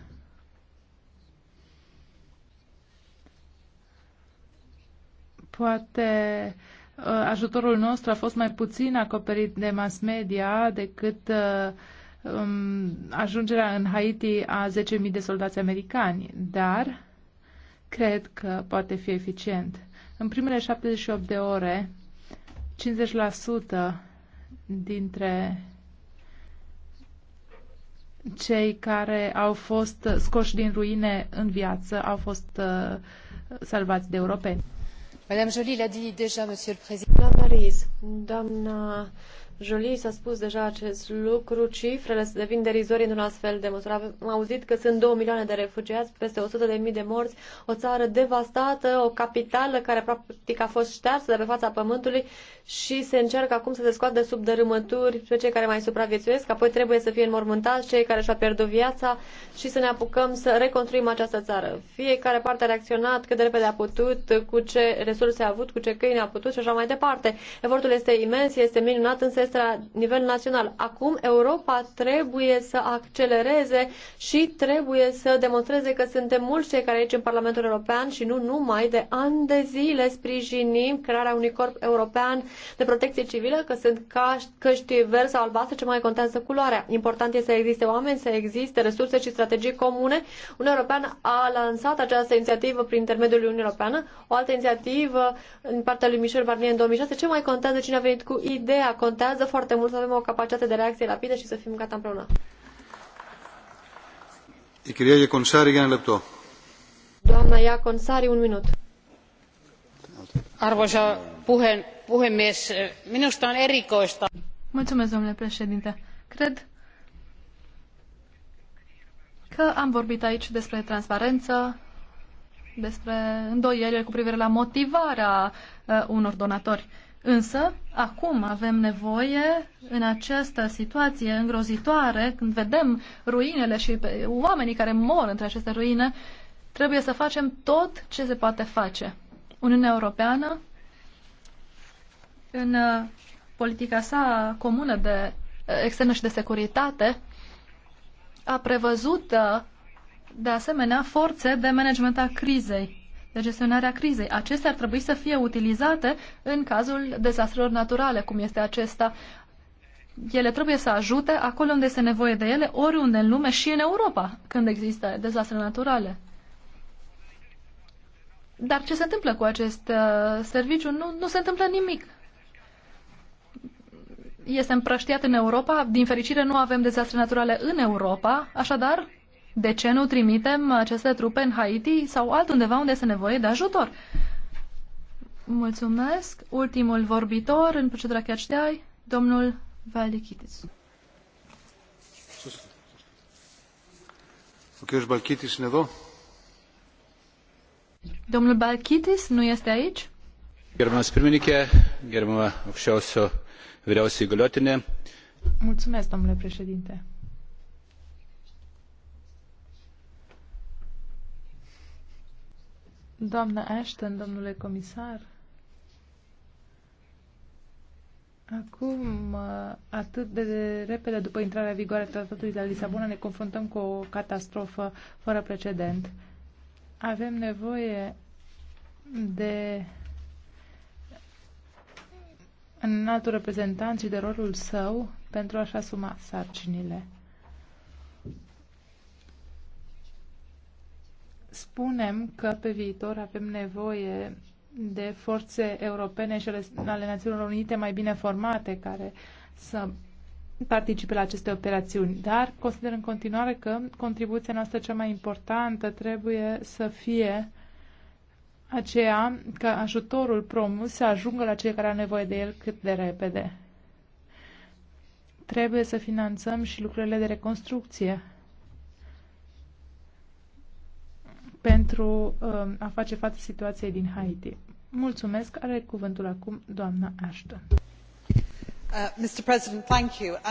Poate uh, ajutorul nostru a fost mai puțin acoperit de mass media decât uh, um, ajungerea în Haiti a 10.000 de soldați americani, dar cred că poate fi eficient. În primele 78 de ore, 50% dintre cei care au fost scoși din ruine în viață au fost uh, salvați de europeni. Doamnă ries doamna comisar a spus deja foarte multe lucruri. Jolie s-a spus deja acest lucru, cifrele se devin derizorii într-un astfel de măsură. Am auzit că sunt 2 milioane de refugiați, peste 100 de mii de morți, o țară devastată, o capitală care practic a fost ștearsă de pe fața pământului și se încearcă acum să se scoată sub dărâmături pe cei care mai supraviețuiesc, apoi trebuie să fie înmormântați cei care și-au pierdut viața și să ne apucăm să reconstruim această țară. Fiecare parte a reacționat cât de repede a putut, cu ce resurse a avut, cu ce câini a putut și așa mai departe. Efortul este imens, este minunat, însă este este la nivel național. Acum Europa trebuie să accelereze și trebuie să demonstreze că suntem mulți cei care aici în Parlamentul European și nu numai de ani de zile sprijinim crearea unui corp european de protecție civilă, că sunt căști verzi sau albastre, ce mai contează culoarea. Important este să existe oameni, să existe resurse și strategii comune. Un european a lansat această inițiativă prin intermediul Uniunii Europeană, o altă inițiativă în partea lui Michel Barnier în 2006. Ce mai contează cine a venit cu ideea? Contează contează foarte mult să avem o capacitate de reacție rapidă și să fim gata împreună. Doamna Consari, un minut. Arvoisa puhe, puhemies, minusta on erikoista. Mulțumesc, domnule președinte. Cred că am vorbit aici despre transparență, despre îndoiele cu privire la motivarea uh, unor donatori. Însă, acum avem nevoie, în această situație îngrozitoare, când vedem ruinele și oamenii care mor între aceste ruine, trebuie să facem tot ce se poate face. Uniunea Europeană, în uh, politica sa comună de uh, externă și de securitate, a prevăzut uh, de asemenea forțe de management a crizei de gestionarea crizei. Acestea ar trebui să fie utilizate în cazul dezastrelor naturale, cum este acesta. Ele trebuie să ajute acolo unde este nevoie de ele, oriunde în lume și în Europa, când există dezastre naturale. Dar ce se întâmplă cu acest uh, serviciu? Nu, nu se întâmplă nimic. Este împrăștiat în Europa. Din fericire, nu avem dezastre naturale în Europa. Așadar, de ce nu trimitem aceste trupe în Haiti sau altundeva unde este nevoie de ajutor? Mulțumesc. Ultimul vorbitor în procedura catch domnul Valichitis. O Balchitis ne Domnul Balchitis nu este aici? Gerbiamas pirmininkė, gerbiama aukščiausio vyriausioji galiotinė. Mulțumesc, domnule președinte. Doamna Ashton, domnule comisar, acum, atât de repede după intrarea în vigoare a tratatului de la Lisabona, ne confruntăm cu o catastrofă fără precedent. Avem nevoie de înaltul reprezentant și de rolul său pentru a-și asuma sarcinile. spunem că pe viitor avem nevoie de forțe europene și ale Națiunilor Unite mai bine formate care să participe la aceste operațiuni, dar consider în continuare că contribuția noastră cea mai importantă trebuie să fie aceea că ajutorul promus să ajungă la cei care au nevoie de el cât de repede. Trebuie să finanțăm și lucrurile de reconstrucție pentru um, a face față situației din Haiti. Mulțumesc. Are cuvântul acum doamna Ashton. Uh,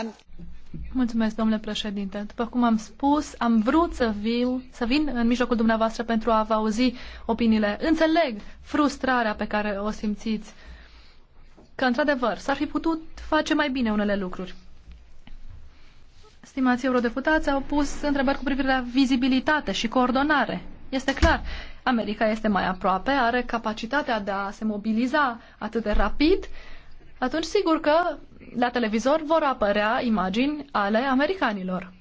Mulțumesc, domnule președinte. După cum am spus, am vrut să, viu, să vin în mijlocul dumneavoastră pentru a vă auzi opiniile. Înțeleg frustrarea pe care o simțiți că, într-adevăr, s-ar fi putut face mai bine unele lucruri. Stimați eurodeputați au pus întrebări cu privire la vizibilitate și coordonare este clar, America este mai aproape, are capacitatea de a se mobiliza atât de rapid, atunci sigur că la televizor vor apărea imagini ale americanilor.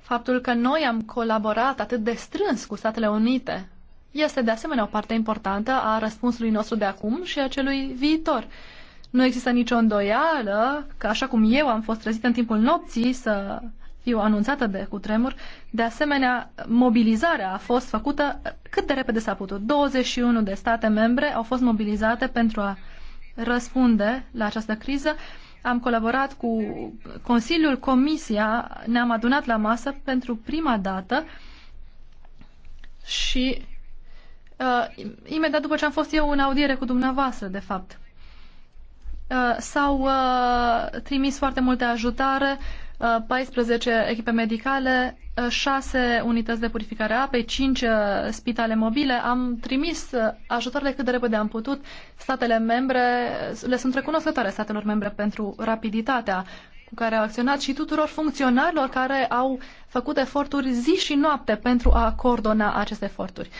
Faptul că noi am colaborat atât de strâns cu Statele Unite este de asemenea o parte importantă a răspunsului nostru de acum și a celui viitor. Nu există nicio îndoială că, așa cum eu am fost trezit în timpul nopții să fiu anunțată de cutremur. De asemenea, mobilizarea a fost făcută cât de repede s-a putut. 21 de state membre au fost mobilizate pentru a răspunde la această criză. Am colaborat cu Consiliul, Comisia, ne-am adunat la masă pentru prima dată și uh, imediat după ce am fost eu în audiere cu dumneavoastră, de fapt, uh, s-au uh, trimis foarte multe ajutare, 14 echipe medicale, 6 unități de purificare a apei, 5 uh, spitale mobile. Am trimis uh, ajutoarele cât de repede am putut. Statele membre, uh, le sunt recunoscătoare statelor membre pentru rapiditatea cu care au acționat și tuturor funcționarilor care au făcut eforturi zi și noapte pentru a coordona aceste eforturi.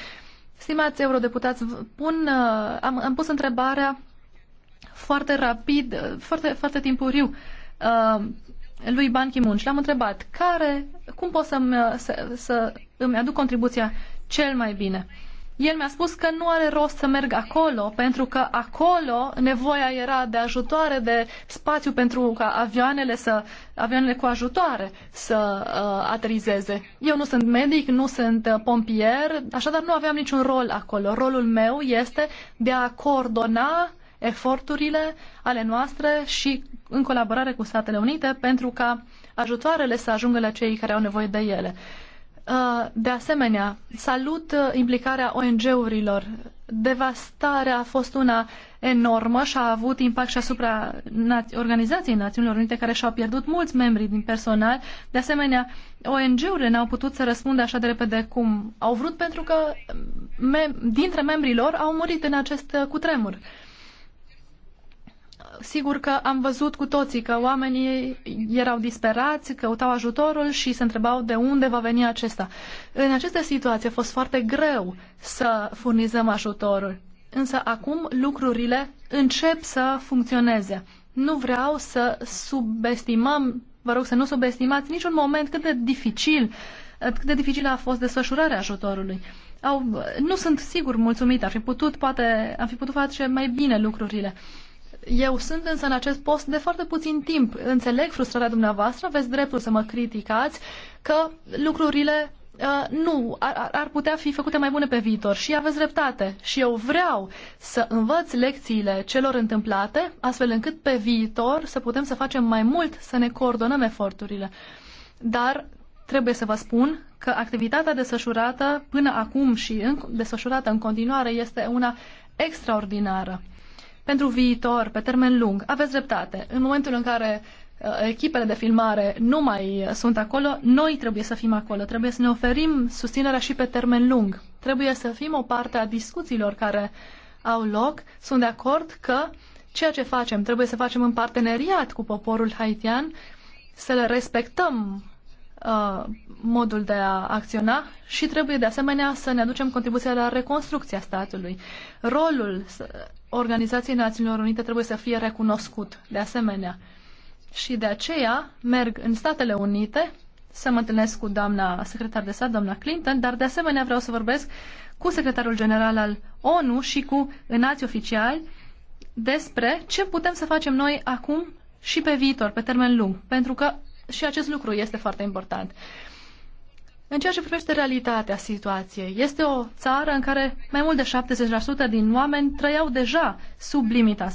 Stimați eurodeputați, pun, am, am pus întrebarea foarte rapid, foarte, foarte timpuriu lui Ban Ki-moon și l-am întrebat care, cum pot să-mi, să, să îmi aduc contribuția cel mai bine. El mi-a spus că nu are rost să merg acolo, pentru că acolo nevoia era de ajutoare, de spațiu pentru ca avioanele, să, avioanele cu ajutoare să uh, aterizeze. Eu nu sunt medic, nu sunt uh, pompier, așadar nu aveam niciun rol acolo. Rolul meu este de a coordona uh, eforturile ale noastre și în colaborare cu Statele Unite pentru ca ajutoarele să ajungă la cei care au nevoie de ele. Uh, de asemenea, salut uh, implicarea ONG-urilor. Devastarea a fost una enormă și a avut impact și asupra Organizației Națiunilor Unite, care și-au pierdut mulți membri din personal. De asemenea, ONG-urile n-au putut să răspundă așa de repede cum au vrut, pentru că me- dintre membrii lor au murit în acest uh, cutremur sigur că am văzut cu toții că oamenii erau disperați, căutau ajutorul și se întrebau de unde va veni acesta. În aceste situații a fost foarte greu să furnizăm ajutorul, însă acum lucrurile încep să funcționeze. Nu vreau să subestimăm, vă rog să nu subestimați niciun moment cât de dificil, cât de dificil a fost desfășurarea ajutorului au, nu sunt sigur mulțumită, ar fi putut, poate, am fi putut face mai bine lucrurile. Eu sunt însă în acest post de foarte puțin timp. Înțeleg frustrarea dumneavoastră, aveți dreptul să mă criticați că lucrurile Uh, nu, ar, ar putea fi făcute mai bune pe viitor și aveți dreptate. Și eu vreau să învăț lecțiile celor întâmplate, astfel încât pe viitor să putem să facem mai mult, să ne coordonăm eforturile. Dar trebuie să vă spun că activitatea desfășurată până acum și în, desfășurată în continuare este una extraordinară pentru viitor, pe termen lung. Aveți dreptate. În momentul în care uh, echipele de filmare nu mai uh, sunt acolo, noi trebuie să fim acolo, trebuie să ne oferim susținerea și pe termen lung. Trebuie să fim o parte a discuțiilor care au loc. Sunt de acord că ceea ce facem trebuie să facem în parteneriat cu poporul haitian, să le respectăm uh, modul de a acționa și trebuie de asemenea să ne aducem contribuția la reconstrucția statului. Rolul uh, Organizației Națiunilor Unite trebuie să fie recunoscut de asemenea. Și de aceea merg în Statele Unite să mă întâlnesc cu doamna secretar de stat, doamna Clinton, dar de asemenea vreau să vorbesc cu secretarul general al ONU și cu înalți oficiali despre ce putem să facem noi acum și pe viitor, pe termen lung, pentru că și acest lucru este foarte important. În ceea ce privește realitatea situației, este o țară în care mai mult de 70% din oameni trăiau deja sub limita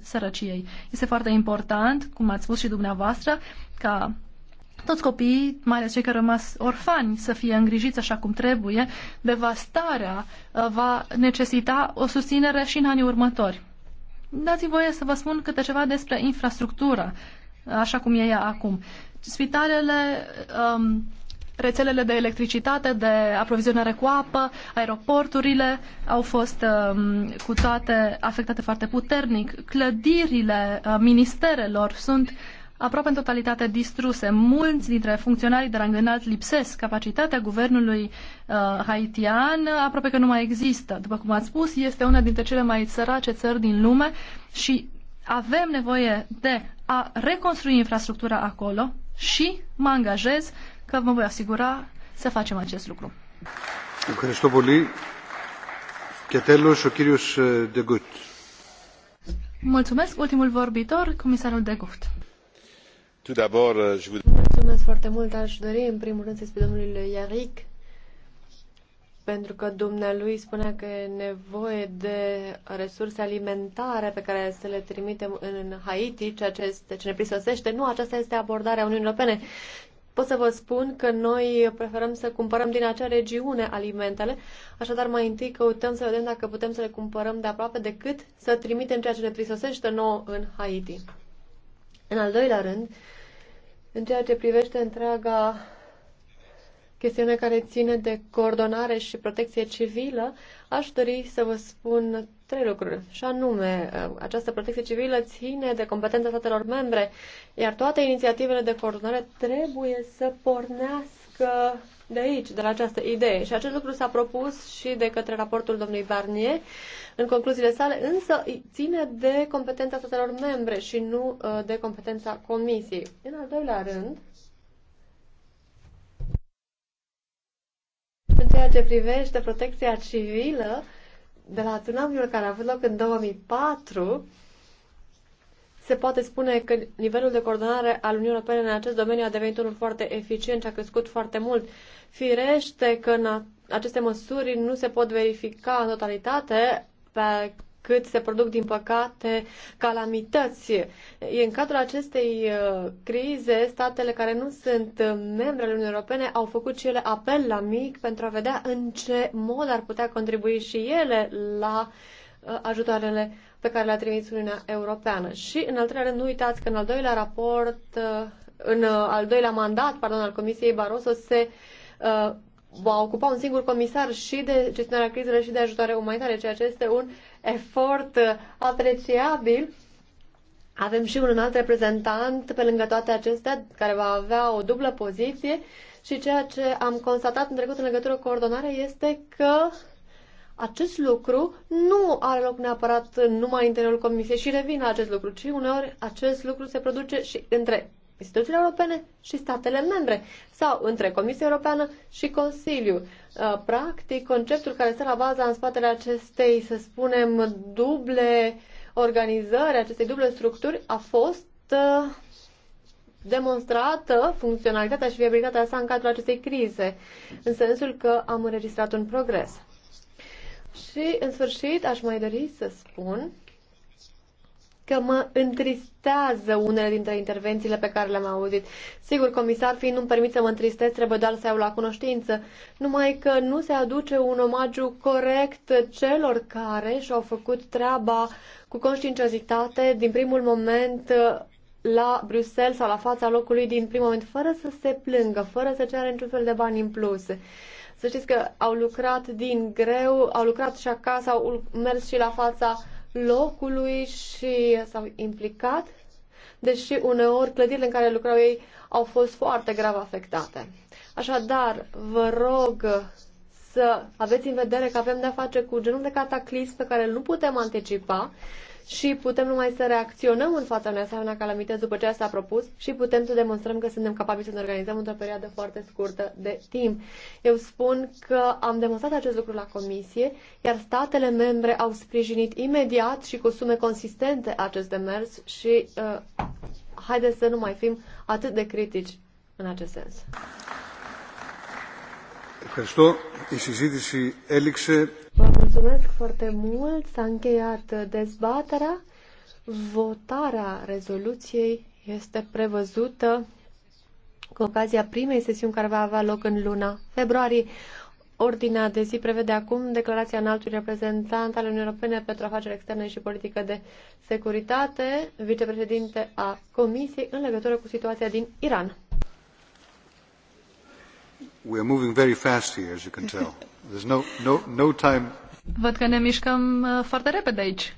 sărăciei. Este foarte important, cum ați spus și dumneavoastră, ca toți copiii, mai ales cei care au rămas orfani, să fie îngrijiți așa cum trebuie. Devastarea uh, va necesita o susținere și în anii următori. Dați-mi voie să vă spun câte ceva despre infrastructura, așa cum e ea acum. Spitalele um, rețelele de electricitate, de aprovizionare cu apă, aeroporturile au fost um, cu toate afectate foarte puternic. Clădirile uh, ministerelor sunt aproape în totalitate distruse. Mulți dintre funcționarii de rang înalt lipsesc. Capacitatea guvernului uh, haitian aproape că nu mai există. După cum ați spus, este una dintre cele mai sărace țări din lume și avem nevoie de a reconstrui infrastructura acolo și mă angajez că mă voi asigura să facem acest lucru. Mulțumesc. Uh, ultimul vorbitor, comisarul de Guft. Uh, Mulțumesc foarte mult. Aș dori în primul rând să spun domnului Iaric pentru că dumnealui spunea că e nevoie de resurse alimentare pe care să le trimitem în Haiti, ceea ce, este, ce ne prisosește. Nu, aceasta este abordarea Uniunii Europene pot să vă spun că noi preferăm să cumpărăm din acea regiune alimentele, așadar mai întâi căutăm să vedem dacă putem să le cumpărăm de aproape decât să trimitem ceea ce ne prisosește nouă în Haiti. În al doilea rând, în ceea ce privește întreaga chestiune care ține de coordonare și protecție civilă, aș dori să vă spun trei lucruri, și anume, uh, această protecție civilă ține de competența statelor membre, iar toate inițiativele de coordonare trebuie să pornească de aici, de la această idee. Și acest lucru s-a propus și de către raportul domnului Barnier în concluziile sale, însă ține de competența statelor membre și nu uh, de competența comisiei. În al doilea rând, în ceea ce privește protecția civilă, de la tsunamiul care a avut loc în 2004, se poate spune că nivelul de coordonare al Uniunii Europene în acest domeniu a devenit unul foarte eficient și a crescut foarte mult. Firește că aceste măsuri nu se pot verifica în totalitate pe cât se produc, din păcate, calamități. În cadrul acestei uh, crize, statele care nu sunt uh, membre ale Uniunii Europene au făcut și ele apel la mic pentru a vedea în ce mod ar putea contribui și ele la uh, ajutoarele pe care le-a trimis Uniunea Europeană. Și, în al treilea rând, nu uitați că în al doilea raport, în al doilea mandat, pardon, al Comisiei Barroso se va ocupa un singur comisar și de gestionarea crizelor și de ajutoare umanitare, ceea ce este un efort uh, apreciabil. Avem și un alt reprezentant pe lângă toate acestea care va avea o dublă poziție și ceea ce am constatat în trecut în legătură cu coordonarea este că acest lucru nu are loc neapărat numai în interiorul comisiei și revin la acest lucru, ci uneori acest lucru se produce și între instituțiile europene și statele membre sau între Comisia Europeană și Consiliu. Uh, practic, conceptul care stă la baza în spatele acestei, să spunem, duble organizări, acestei duble structuri a fost uh, demonstrată funcționalitatea și viabilitatea sa în cadrul acestei crize, în sensul că am înregistrat un progres. Și, în sfârșit, aș mai dori să spun că mă întristează unele dintre intervențiile pe care le-am auzit. Sigur, comisar, fiind nu-mi permit să mă întristez, trebuie doar să iau la cunoștință. Numai că nu se aduce un omagiu corect celor care și-au făcut treaba cu conștiinciozitate din primul moment uh, la Bruxelles sau la fața locului din primul moment, fără să se plângă, fără să ceară niciun fel de bani în plus. Să știți că au lucrat din greu, au lucrat și acasă, au mers și la fața locului și s-au implicat, deși uneori clădirile în care lucrau ei au fost foarte grav afectate. Așadar, vă rog să aveți în vedere că avem de-a face cu genul de cataclism pe care nu putem anticipa și putem numai să reacționăm în fața unei asemenea calamități după ce s-a propus și putem să demonstrăm că suntem capabili să ne organizăm într-o perioadă foarte scurtă de timp. Eu spun că am demonstrat acest lucru la comisie, iar statele membre au sprijinit imediat și cu sume consistente acest demers și uh, haideți să nu mai fim atât de critici în acest sens. Ευχαριστώ. Η συζήτηση έληξε. Vă mulțumesc foarte mult. S-a încheiat dezbaterea. Votarea rezoluției este prevăzută cu ocazia primei sesiuni care va avea loc în luna februarie. Ordinea de zi prevede acum declarația înaltului reprezentant al Uniunii Europene pentru afaceri externe și politică de securitate, vicepreședinte a Comisiei, în legătură cu situația din Iran. We are moving very fast here, as you can tell. There's no, no, no time. Văd că ne mișcăm uh, foarte repede aici.